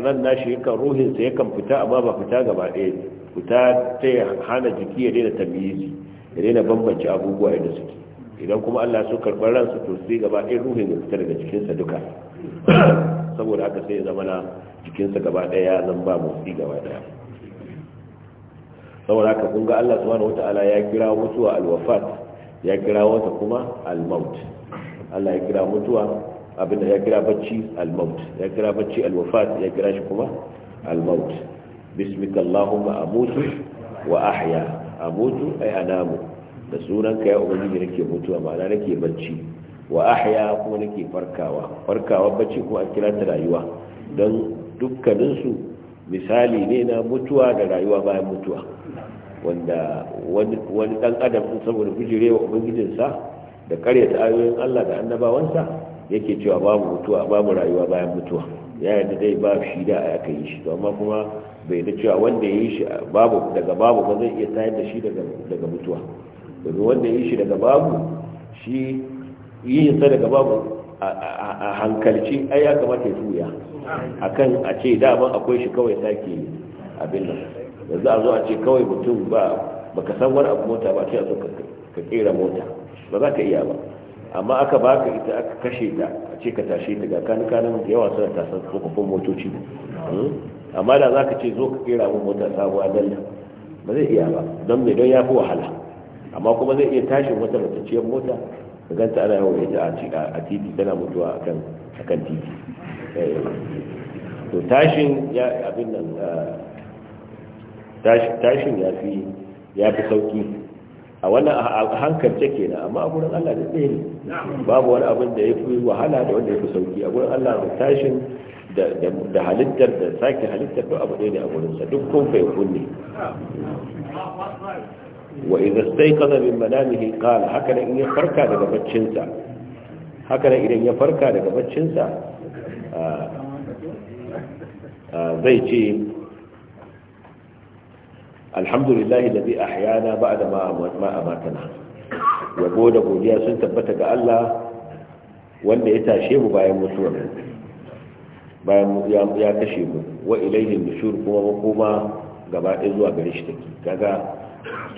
nan na shi yakan sa yakan fita amma ba fita gaba ɗaya fita ta hana jiki ya daina tamyizi ya daina bambance abubuwa yadda suke idan kuma Allah so karɓar su to sai gaba ɗaya ruhin ya fita daga jikinsa duka saboda haka sai ya zama na jikinsa gaba ɗaya zan ba motsi gaba ɗaya saboda haka kun ga Allah subhanahu wata'ala ya kira mutuwa alwafat ya kira wata kuma al-maut Allah ya kira mutuwa abinda ya kira bacci al-maut ya kira bacci al-wafat ya kira shi kuma al-maut bismika allahumma amutu wa ahya amutu ay anamu da sunanka ya ubangiji nake mutuwa ma'ana nake bacci wa ahya kuma nake farkawa farkawa bacci kuma a kira ta rayuwa don dukkaninsu misali ne na mutuwa da rayuwa bayan mutuwa wanda wani dan adam sun saboda wa ubangijinsa da karyata ayoyin Allah da annabawansa yake cewa babu mutuwa babu rayuwa bayan mutuwa ya yadda zai ba shi da yaka yi shi amma kuma bai da cewa wanda ya yi shi babu daga babu ba zai iya tayar da shi daga mutuwa domin wanda ya yi shi daga babu shi yin sa daga babu a hankalci ai ya kamata ya tuya akan a ce daman akwai shi kawai sake abin nan yanzu a zo a ce kawai mutum ba baka san wani abu mota ba sai a zo ka kera mota ba za ka iya ba amma aka ka ita aka kashe ta a ce ka tashe ta ga kanin kanin yawa suna tasar tsofaffin motoci hmm? amma da za ka ce zo ka kera mun mota sabuwa nan ba zai iya ba don mai don ya fi wahala amma kuma zai iya tashin wata matacciyar mota ka ganta ana yawan ita a titi tana mutuwa a kan titi eh. to tashin ya abin nan ah, tashin ya fi ya fi sauki a wannan a hankalce kenan amma a gurin Allah da tsaye ne babu wani abin da ya fi wahala da wanda ya fi sauki a gurin Allah da tashin da halittar da sake halittar da abu ɗaya ne a gurinsa duk kun fa yakun ne wa idza stayqadha min manamihi qala haka in ya farka daga baccinsa haka idan ya farka daga baccinsa zai ce alhamdulillahi da zai ahyana ba da ma'amatana yabo da godiya sun tabbata ga Allah wanda ya tashe mu bayan mutuwar bayan ya kashe mu wa ilaihin nushur kuma makoma gaba ɗaya zuwa gare shi take kaga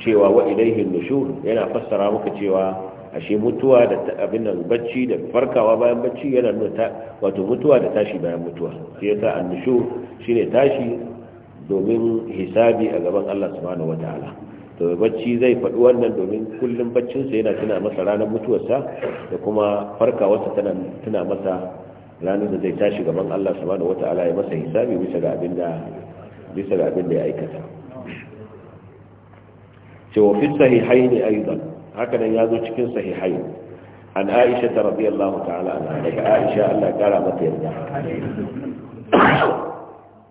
cewa wa ilaihin nushur yana fassara muka cewa ashe mutuwa da abin nan bacci da farkawa bayan bacci yana nuna wato mutuwa da tashi bayan mutuwa sai yasa annushur shine tashi domin hisabi a gaban Allah subhanahu wataala to bacci zai faɗi wannan domin kullum baccinsa yana tuna masa ranar mutuwarsa da kuma farkawarsa tana masa ranar da zai tashi gaban Allah subhanahu wata'ala ya masa hisabi bisa ga abin da bisa ga abin da ya aikata cewa fi sahihaini aidan haka nan yazo cikin sahihai an Aisha ta radiyallahu ta'ala anha daga Aisha Allah ya kara mata yarda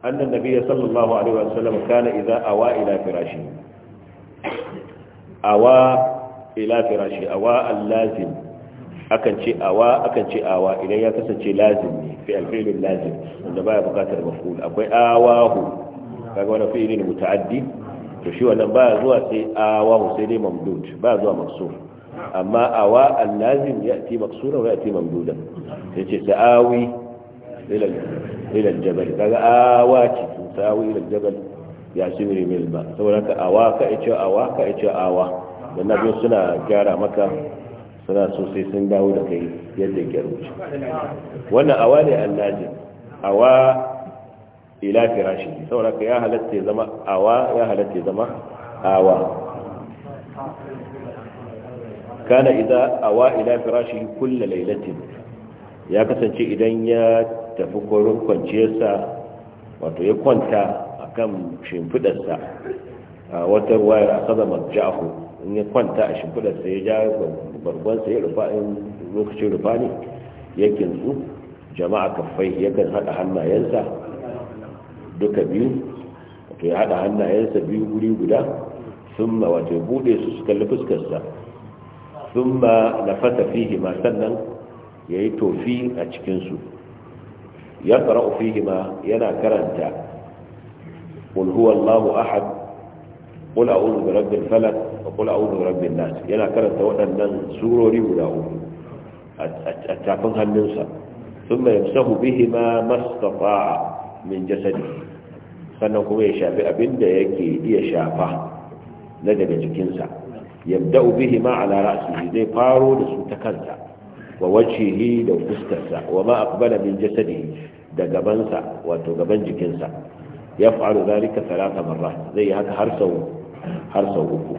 أن النبي صلى الله عليه وسلم كان إذا أوى إلى فراشه أوى إلى فراشه أوى اللازم أكن شيء أوى أكن شيء أوى إلى يكسن شيء لازم في الفعل اللازم عندما يبقى المفعول أقول آواه فقال فعل متعدي تشوى أن بعضها سي آواه سيدي ممدود بعضها مقصور أما أوى اللازم يأتي مقصورا ويأتي ممدودا يجي سآوي ilal jabal kaga awa ce sawi ilal jabal ya shimri mil ba saboda ka awa ka ice awa ka ice awa dan nabi suna gyara maka suna so sai sun dawo da kai yadda ya rubuce wannan awa ne annaji awa ila firashi saboda ka ya halatta zama awa ya halatta zama awa kana idan awa ila firashi kullu lailatin ya kasance idan ya tafi korin kwanciyarsa wato ya kwanta a kan shimfidarsa a wata wayar a kaza jahu in ya kwanta a shimfidarsa ya ja barbansa ya rufa in lokacin rufa ne ya kinsu jama'a kafai yakan haɗa hannayensa duka biyu wato ya haɗa hannayensa biyu guri guda sun ma wato ya buɗe su su kalli fuskarsa sun ma na fasa fihi sannan ya yi tofi a cikinsu ya qara'u fihima yana karanta qul huwallahu ahad qul a'udhu birabbil falaq wa qul a'udhu birabbin nas yana karanta waɗannan surori guda uku a tafin hannunsa thumma yamsahu ma mastata'a min jasadihi sannan kuma ya shafi abin da yake iya shafa na daga jikinsa yabda'u bihima ala ra'sihi zai faro da su ta kansa wa wajhihi da fuskarsa wa ma akbala min jasadi da gabansa wato gaban jikinsa faru dhalika thalatha marra zai haka har sau har sau uku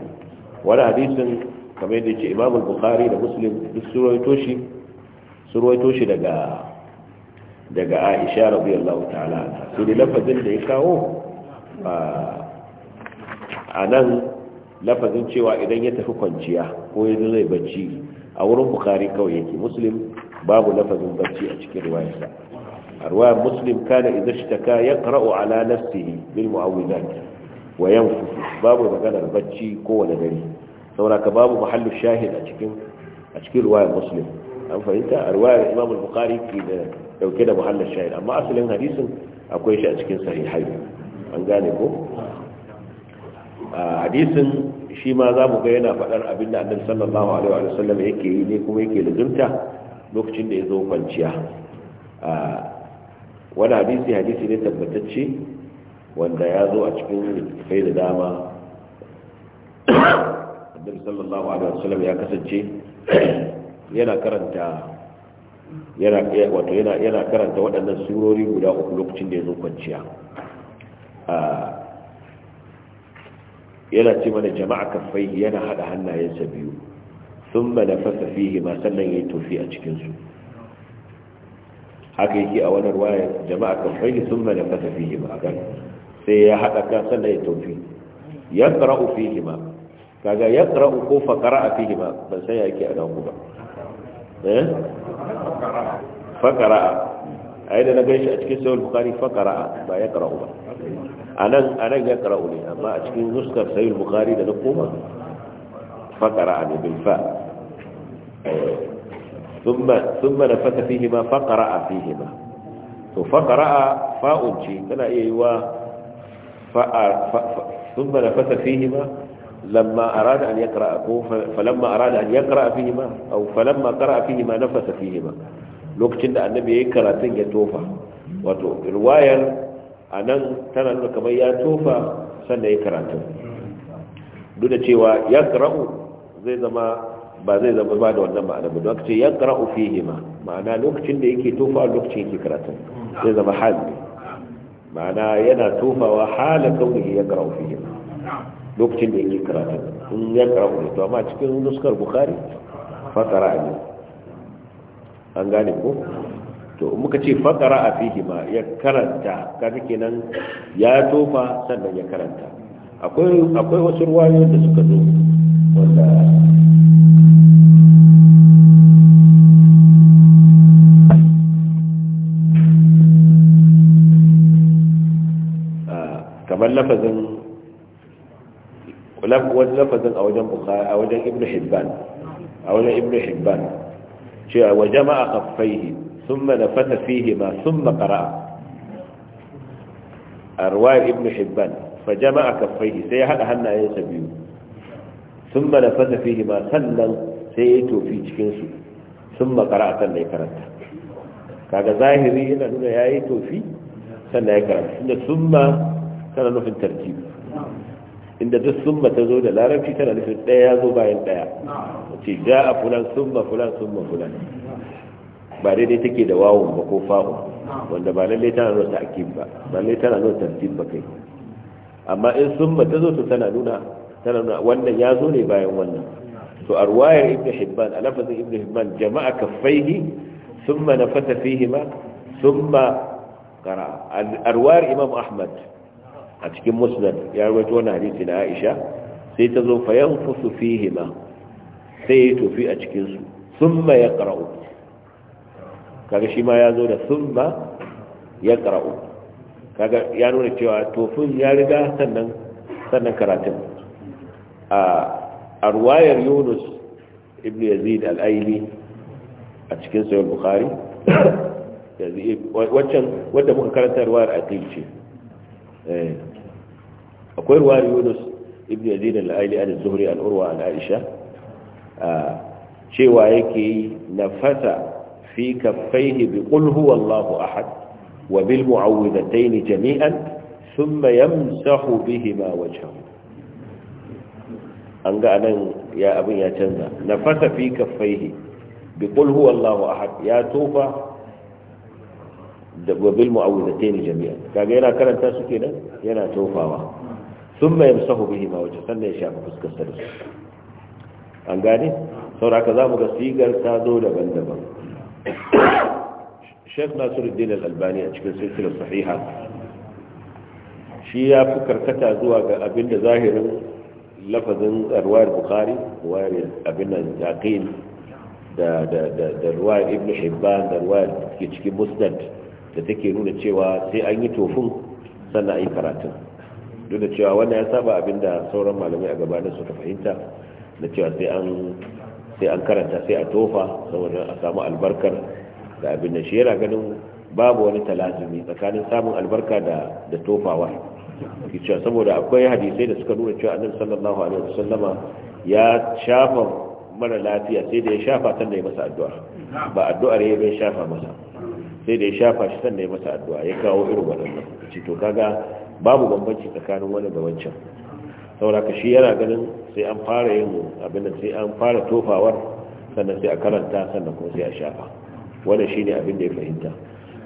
wani hadisin kamar yadda ce imamul Bukhari da Muslim duk surwaito shi daga daga Aisha radiyallahu ta'ala da lafazin da ya kawo a nan lafazin cewa idan ya tafi kwanciya ko yanzu zai bacci a wurin bukari kawai yake muslim babu lafazin bacci a cikin ruwayarsa a ruwayar muslim kana idza shtaka yaqra'u ala nafsihi bil mu'awwidat wa yanfu babu maganar bacci kowane dare saboda ka babu mahallu shahid a cikin a cikin ruwayar muslim an fahimta a ruwayar imam al-bukhari ke da dauke da muhallar shahid amma asalin hadisin akwai shi a cikin sahihai an gane ko hadisin shi ma za mu ga yana faɗar abin da annabi sallallahu alaihi wa sallam yake yi ne kuma yake lugunta lokacin da ya zo kwanciya wani hadisi hadisi ne tabbatacce wanda ya zo a cikin kai da dama annabi sallallahu alaihi wa sallam ya kasance yana karanta yana wato yana yana karanta waɗannan surori guda uku lokacin da ya zo kwanciya yana ce mana jama'a kafai yana hada hannayensa biyu sun manafasa fihi ma sannan ya yi tofi a cikinsu haka yake a wani ruwayar jama'a ne sun manafasa fihi ma kan sai ya hada ka sannan ya tofi ya ƙara'u fihi ma kaga ya ƙara'u ko a fihi ma ban sai ya ke a nan ku ba eh a yadda na gan shi a cikin sayar bukari fakara ba ya kara'u ba a nan ya kara'u ne amma a cikin nuskar sayar bukari da na koma fakara ne fa sun ba na fata fihi ma fakara a fihi ma to fakara a fa'unci tana iya yi wa sun ba fata fihi ma لما أراد أن يقرأ فلما أراد أن يقرأ فيهما أو فلما قرأ فيهما نفس فيهما lokacin da annabi ya yi karatun ya tofa wato riwayar a nan tana nuna kamar ya tofa sannan ya karatun duk da cewa ya kara'u zai zama ba zai zama ba da wannan ma'ana ba duk ce ya kara'u fi hima ma'ana lokacin da yake tofa a lokacin yake karatun zai zama hali ne ma'ana yana tofawa hala kaunihi ya kara'u fi hima lokacin da yake karatun in ya kara'u ne to amma cikin nuskar bukari fasara ne an gane ko to muka ce faqara a fihi ma ya karanta kaje kenan ya tofa sannan ya karanta akwai akwai wasu ruwayoyin da suka zo wanda ah, kamar lafazin wani lafazin a wajen a wajen ibnu hibban a wajen ibnu hibban cewa wa jama'a sun mana nafasa fihi ma thumma qara'a arwayar ibn hibban fa jama'a kaffaihi sai ya haɗa hannayensa biyu sun mana nafasa fihi ma sannan sai ya tofi cikin su thumma qara'a sannan ya karanta kaga zahiri yana nuna ya yi tofi sannan ya karanta tunda thumma tana nufin tartibi inda duk summa ta zo da larabci tana nufin ɗaya ya zo bayan ɗaya ce ja a fulan summa fulan summa fulan ba daidai take da wawon ba ko fa'o wanda ba lalle tana nuna ta'akib ba ba lalle tana nuna tartib ba kai amma in summa ta zo ta tana nuna tana nuna wannan ya zo ne bayan wannan to a ruwayar ibnu hibban a lafazin ibnu hibban jama'a kaffaihi summa nafata ma summa qara a ruwayar imam ahmad a cikin musnad ya rawaito wannan hadisi na Aisha sai ta zo fayanfusu fihima sai ya tofi a cikin su thumma yaqra'u kaga shi ma ya zo da thumma yaqra'u kaga ya nuna cewa tofin ya riga sannan sannan karatun a ruwayar Yunus ibn Yazid al-Aili a cikin sahih Bukhari yanzu waccan wanda muka karanta ruwayar aqil ce eh akwai ruwayar yunus ibn yazid al-aili an zuhri al urwa an aisha cewa yake nafasa fi kaffaihi bi qul huwallahu ahad wa bil mu'awwidhatayn jami'an thumma yamsahu bihima wajhahu an ga nan ya abin ya canza nafasa fi kaffaihi bi qul huwallahu ahad ya tofa da bil mu'awwidhatayn jami'an kaga yana karanta su kenan yana tofawa sun thumma yamsahu bihi ma wajha sannan ya shafa fuskarsa da su an gane sauraka za mu ga sigar ta zo daban-daban Sheikh Nasiruddin Al-Albani a cikin silsilar sahiha shi ya fi karkata zuwa ga abin da zahirin lafazin ruwayar bukari ruwayar abin nan Yaqin da da da da ruwayar Ibn Hibban da ruwayar ke cikin Musnad da take nuna cewa sai an yi tofin sannan a yi karatun duk da cewa wannan ya saba abin da sauran malamai a gabanin suka fahimta da cewa sai an sai an karanta sai a tofa saboda a samu albarkar da abin da shi yana ganin babu wani talazumi tsakanin samun albarka da da tofawa cewa saboda akwai hadisai da suka nuna cewa annabi sallallahu alaihi wasallama ya shafa mara lafiya sai da ya shafa san da ya masa addu'a ba addu'ar ya bai shafa masa sai da ya shafa shi da ya masa addu'a ya kawo irin waɗannan ci to kaga babu bambanci tsakanin wani da wancan sauraka shi yana ganin sai an fara yin abin sai an fara tofawar sannan sai a karanta sannan kuma sai a shafa wannan shine abin da ya fahimta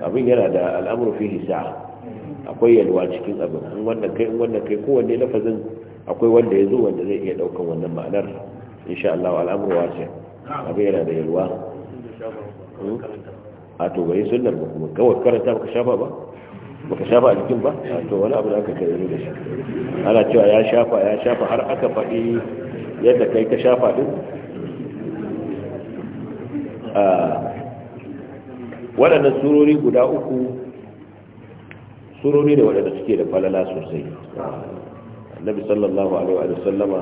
abin yana da al'amru fi sa'a akwai yalwa cikin abin in wannan kai in wannan kai kowanne lafazin akwai wanda ya zo wanda zai iya daukan wannan ma'anar insha Allah al'amru wasi abin yana da yalwa hmm? a to bai sunnar ba kuma kawai karanta ka shafa ba baka shafa a jikin ba to wani abu da aka kai da shi ana cewa ya shafa ya shafa har aka faɗi yadda kai ka shafa din waɗannan surori guda uku surori ne waɗanda suke da falala sosai annabi sallallahu alaihi wa sallama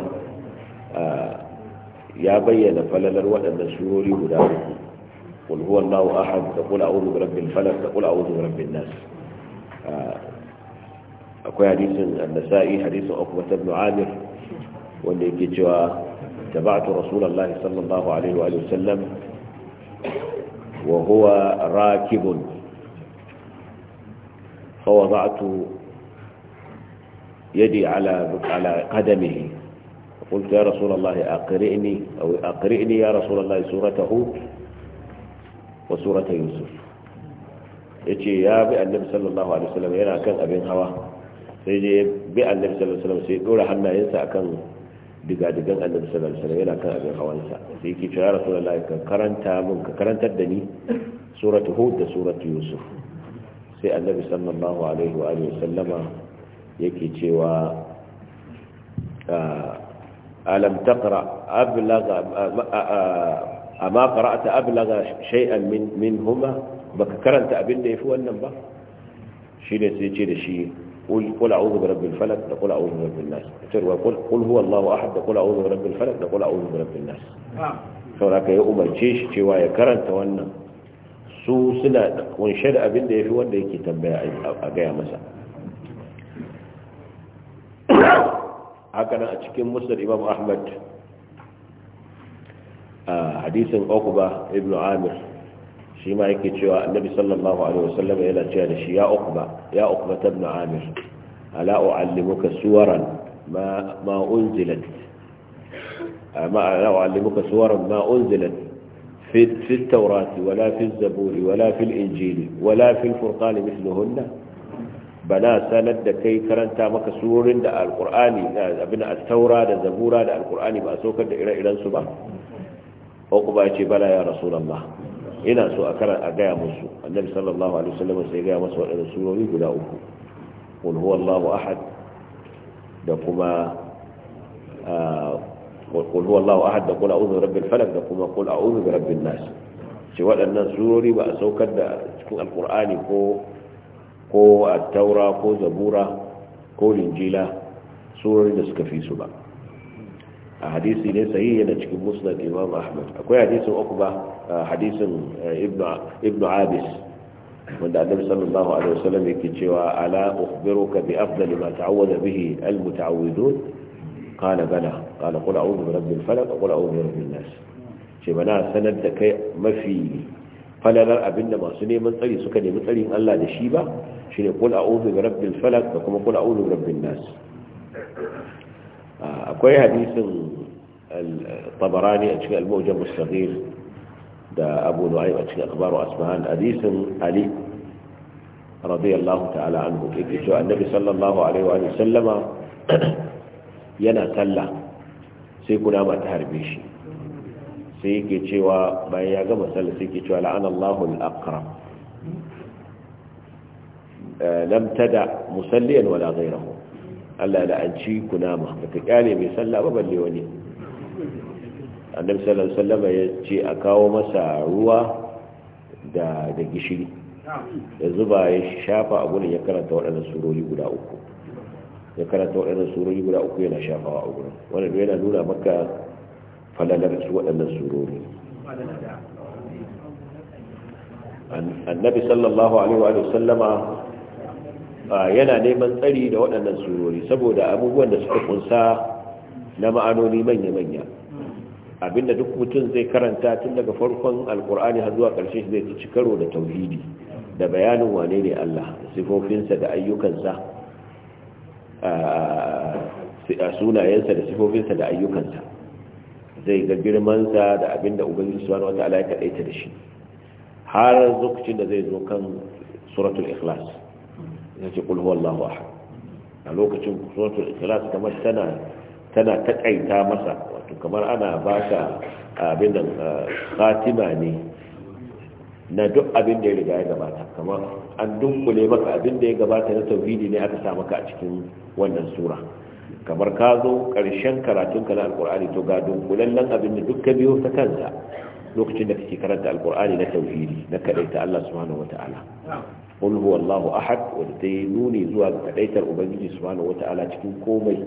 ya bayyana falalar waɗannan surori guda uku qul huwallahu ahad da qul a'udhu birabbil falaq da qul a'udhu birabbin nas akwai hadisin annasa'i hadisin akwai ibn amir wanda yake cewa tabatu rasulullahi sallallahu alaihi wa sallam wa huwa rakibun fa wada'tu yadi ala ala qadamihi قلت يا رسول الله أقرئني أو أقرئني يا رسول الله سورته وسورة يوسف yace ya bi annabi sallallahu alaihi wasallam yana kan abin hawa sai je bi annabi sallallahu alaihi wasallam sai dora hannayensa akan diga-digan annabi sallallahu alaihi wasallam yana kan abin sa sai yake cewa rasulullahi ka karanta mun ka karantar da ni suratu hud da suratu yusuf sai annabi sallallahu alaihi wa alihi wasallama yake cewa alam taqra ablaga ama qara'ta ablaga shay'an min minhuma Ba ka karanta abin da ya fi wannan ba Shi ne sai ce da shi Kula kula da da da rabin Falak rabin Nas. برب الفلك تقول أعوذ برب الناس وقل قل da rabin Falak da kula برب الفلك تقول أعوذ برب الناس ka yi umarce shi cewa ya karanta wannan su suna kunshe da abin da ya fi wanda yake tambaya a gaya masa hakanan a cikin musul imam ahmad a hadisin okuba ibn amir shi ma yake cewa annabi sallallahu alaihi wasallam yana cewa da shi ya uqba ya uqba ibn amir ala uallimuka suwaran ma ma unzilat ma ala uallimuka suwaran ma unzilat في في التوراة ولا في الزبور ولا في الإنجيل ولا في الفرقان مثلهن bana sanar da kai karanta maka surorin da alkur'ani abin taura da zabura da alkur'ani ba a saukar da ire su ba ko ya ce bala ya rasu rasulallah ina so a kara a gaya musu annabi sallallahu alaihi wasallam sai gaya musu waɗannan surori guda uku qul huwallahu ahad da kuma qul huwallahu ahad da qul a'udhu birabbil falaq da kuma qul a'udhu birabbin nas ce waɗannan surori ba a saukar da cikin alqur'ani ko ko at-taura ko zabura ko injila. surori da suka fi su ba a hadisi ne sahihi yana cikin musnad imam ahmad akwai hadisin ba hadisin eh, ibnu abis wanda annabi sallallahu alaihi wasallam yake cewa ala ukhbiruka bi afdal ma ta'awwada bihi al muta'awwidun qala bala qala qul a'udhu bi rabbil falaq qul a'udhu bi rabbin nas ce bana sanar da kai mafi falalar abinda masu neman tsari suka nemi tsarin Allah da shi ba shine qul a'udhu bi rabbil falaq da kuma qul a'udhu bi rabbin nas akwai hadisin tabarani a cikin al-mujam da abu nu'aym a cikin akhbaru asbahan hadisin ali radiyallahu ta'ala anhu yake cewa annabi sallallahu alaihi wa sallama yana talla sai kuna ma ta harbe shi sai yake cewa bayan ya gama sallah sai yake cewa la'anallahu al-aqra lam tada musalliyan wala ghayrahu Allah la'anci kunama bata kyale mai sallah ba balle wani annabi sallallahu alaihi wasallam ya ce a kawo masa ruwa da da gishiri da zuba ya shafa a ya karanta waɗannan surori guda uku ya karanta waɗannan surori guda uku yana shafawa a gurin wannan yana nuna maka falalar su waɗannan surori annabi sallallahu alaihi wa sallama yana neman tsari da waɗannan surori saboda abubuwan da suka kunsa na ma'anoni manya-manya abinda duk mutum zai karanta tun daga farkon alkur'ani har zuwa karshe zai ci karo da tauhidi da bayanin wane ne Allah sifofinsa da ayyukansa a sunayensa da sifofinsa da ayyukansa zai ga girmansa da abinda ubangiji subhanahu wataala ya kadaita da shi har lokacin da zai zo kan suratul ikhlas ya ce kul huwallahu ahad a lokacin suratul ikhlas kamar tana tana takaita masa kamar ana ba ka abin da fatima ne na duk abin da ya riga ya gabata kamar an dunkule maka abin da ya gabata na tauhidi ne aka sa maka a cikin wannan sura kamar ka zo karshen karatun ka na alkur'ani to ga dunkulallen abin da duk ka biyo ta kansa lokacin da kake karanta alkur'ani na tauhidi na kadaita Allah subhanahu wataala qul huwallahu ahad wa ta zuwa kadaitar ubangiji subhanahu wataala cikin komai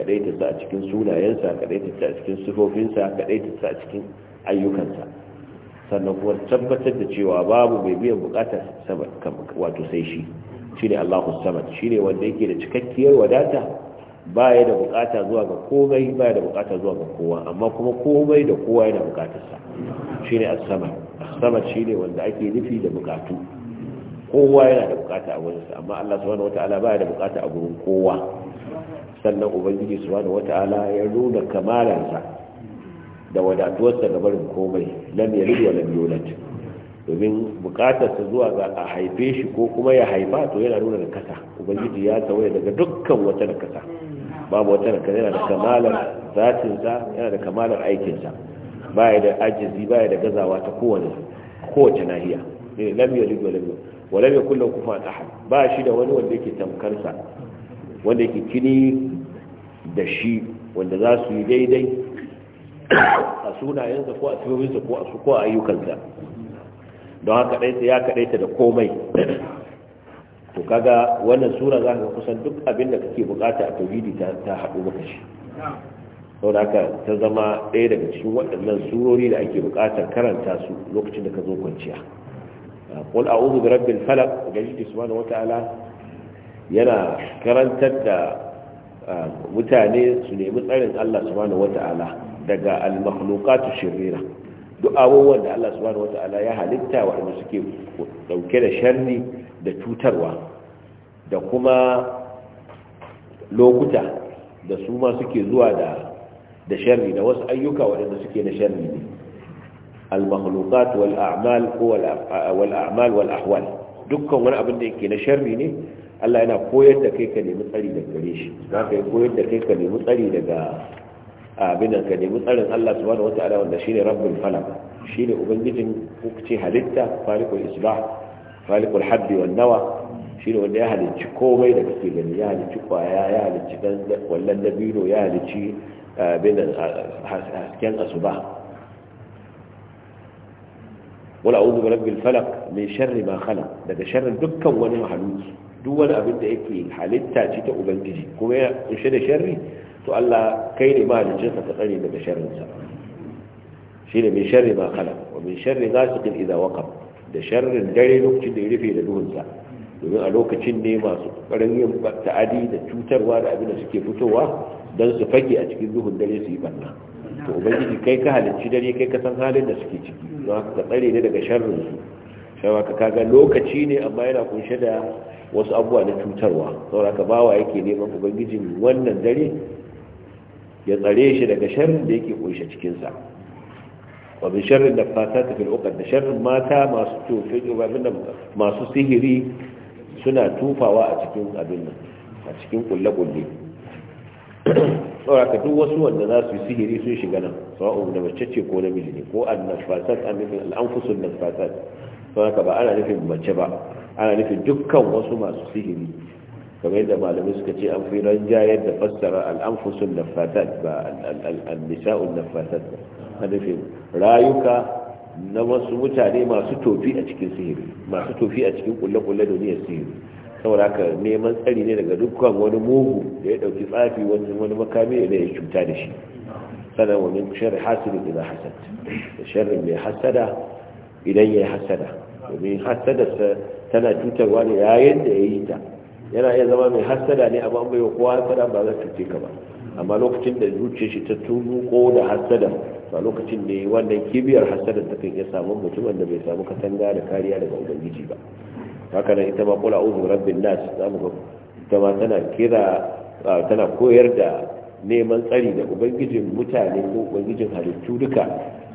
kadaita sa a cikin sunayensa kadaita sa a cikin sifofinsa kadaita sa a cikin ayyukansa sannan kuma tabbatar da cewa babu mai biyan bukatar wato sai shi shine Allahu samad shi ne wanda yake da cikakkiyar wadata baya da bukata zuwa ga komai baya da bukata zuwa ga kowa amma kuma komai da kowa yana bukatarsa shi ne as-samad shi ne shine wanda ake nufi da bukatu kowa yana da bukata a wurinsa amma Allah subhanahu wataala baya da bukata a gurin kowa sannan ubangiji su wata wata'ala ya nuna kamalarsa da wadatuwarsa da barin komai lam ya wa lam yulad domin bukatarsa zuwa ga a haife shi ko kuma ya haifa to yana nuna da kasa ubangiji ya tawaye daga dukkan wata da kasa babu wata da kasa yana da kamalar zatinsa yana da kamalar aikinsa baya da ajizi baya da gazawa ta kowane kowace nahiya lam ya wa lam yulad wa lam yakul lahu kufuwan ahad ba shi da wani wanda yake tamkar sa wanda yake kini da shi wanda za su yi daidai a sunayensa ko a tsibirinsa ko a su ko a ayyukansa don haka ɗaita ya kaɗaita da komai to kaga wannan sura za ka kusan duk abin da kake bukata a tauhidi ta haɗu maka shi sau da ta zama ɗaya daga cikin waɗannan surori da ake bukatar karanta su lokacin da ka zo kwanciya قل أعوذ برب الفلق وجلد سبحانه وتعالى yana karantar da mutane su nemi tsarin Allah subhanahu wata'ala daga al-makhluqatu shirira duk abubuwan da Allah subhanahu wata'ala ya halitta waɗanda suke dauke da sharri da cutarwa da kuma lokuta da su ma suke zuwa da da sharri da wasu ayyuka waɗanda suke na sharri ne al-makhluqat wal a'mal wal a'mal wal ahwal dukkan wani abin da yake na sharri ne Allah yana koyar da kai ka nemi tsari daga gare shi za ka yi koyar da kai ka nemi tsari daga abin ka nemi tsarin Allah su subhanahu wata'ala wanda shi ne shine rabbul falaq shine ubangijin hukunci halitta falikul isbah falikul habbi wan nawa shi ne wanda ya halicci komai da kake gani ya halicci kwaya ya halicci wallan dabino ya halicci abin hasken asuba wala a'udhu bi rabbil falaq min sharri ma khalaq daga sharrin dukkan wani mahaluki duk wani abin da yake halitta ce ta ubangiji kuma ya kunshe da sharri to Allah kai ne mahalicin sa ka tsare daga sharrinsa. sa shine min sharri ma khala wa min sharri za su ghasiqin idha waqab da sharrin dare lokacin da ya rufe da duhunsa. domin a lokacin ne masu kokarin yin ta'adi da cutarwa da abin da suke fitowa don su fage a cikin duhun dare su yi barna to ubangiji kai ka halicci dare kai ka san halin da suke ciki don haka ka tsare ne daga sharrinsu. su sai ka kaga lokaci ne amma yana kunshe da wasu abubuwa na cutarwa sauraka bawa yake neman ubangijin wannan dare ya tsare shi daga sharrin da yake kunshe cikinsa wa sharrin da fata ta fil'ukar da sharrin mata masu tofin masu sihiri suna tufawa a cikin abin nan a cikin kulle-kulle sauraka duk wasu wanda za su yi sihiri sun shiga nan sawa'un da mace ce ko namiji ne ko an nafasat an nufin al'amfusun nafasat sauraka ba ana nufin mace ba ana nufin dukkan wasu masu sihiri kamar yadda malamai suka ce an fi ranjayar da fassara al'amfusun nafatat ba al'nisa'un nafatat ba a nufin rayuka na wasu mutane masu tofi a cikin sihiri masu tofi a cikin kulle-kulle duniyar sihiri saboda haka neman tsari ne daga dukkan wani mugu da ya dauki tsafi wani makami da ya cuta da shi sana wani shari hasirin idan hasad da sharrin mai hasada idan ya yi hasada domin hasadarsa tana cutarwa ne yayin da ya yi ta yana iya zama mai hasada ne amma mai kowa hasada ba za ta ce ka ba amma lokacin da zuce shi ta tunu ko da hasada ba lokacin da wannan kibiyar hasada ta kan iya samun mutumin da bai samu katanga da kariya daga ubangiji ba haka nan ita ma kula uzu rabbin nas za mu ga ita ma tana kira tana koyar da neman tsari da ubangijin mutane ko ubangijin halittu duka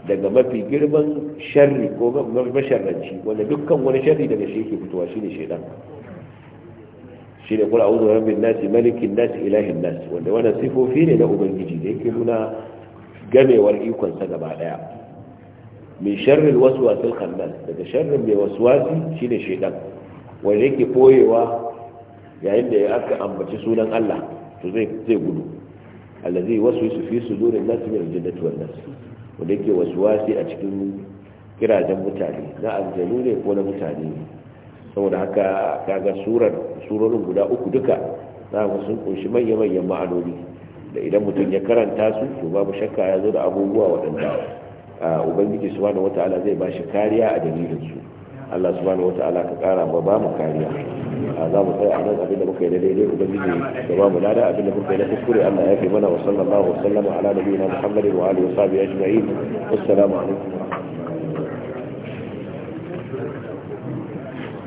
daga mafi girman sharri ko masharranci wanda dukkan wani sharri daga shi yake fitowa shine shaidan shi ne kula auzu bin nasi malikin nasi ilahin nas wanda wani sifofi ne na ubangiji da yake nuna gamewar ikon sa gaba daya mai sharrin wasu wasu alkhannas daga sharrin mai wasu shi shine shaidan wanda yake koyewa yayin da ya aka ambaci sunan Allah to zai zai gudu allazi su fi sudurin nas min aljannati wan nas wanda wasu wasuwasi a cikin kirajen mutane na aljanu ne ko na mutane ne saboda haka kaga surorin guda uku duka za mu sun kunshi manya-manyan ma'anoni da idan mutum ya karanta su to babu shakka ya zo da abubuwa waɗanda ubangiji wata wataala zai ba shi kariya a dalilinsu Allah subhanahu wata'ala ka kara ba ba mu kariya za mu tsaya a nan abin da muka yi daidai ubangiji da ba mu lada abin da muka yi na kuskure Allah ya fi mana wa sallallahu wa sallama ala nabiyina Muhammadin wa alihi wa sahbihi ajma'in assalamu alaikum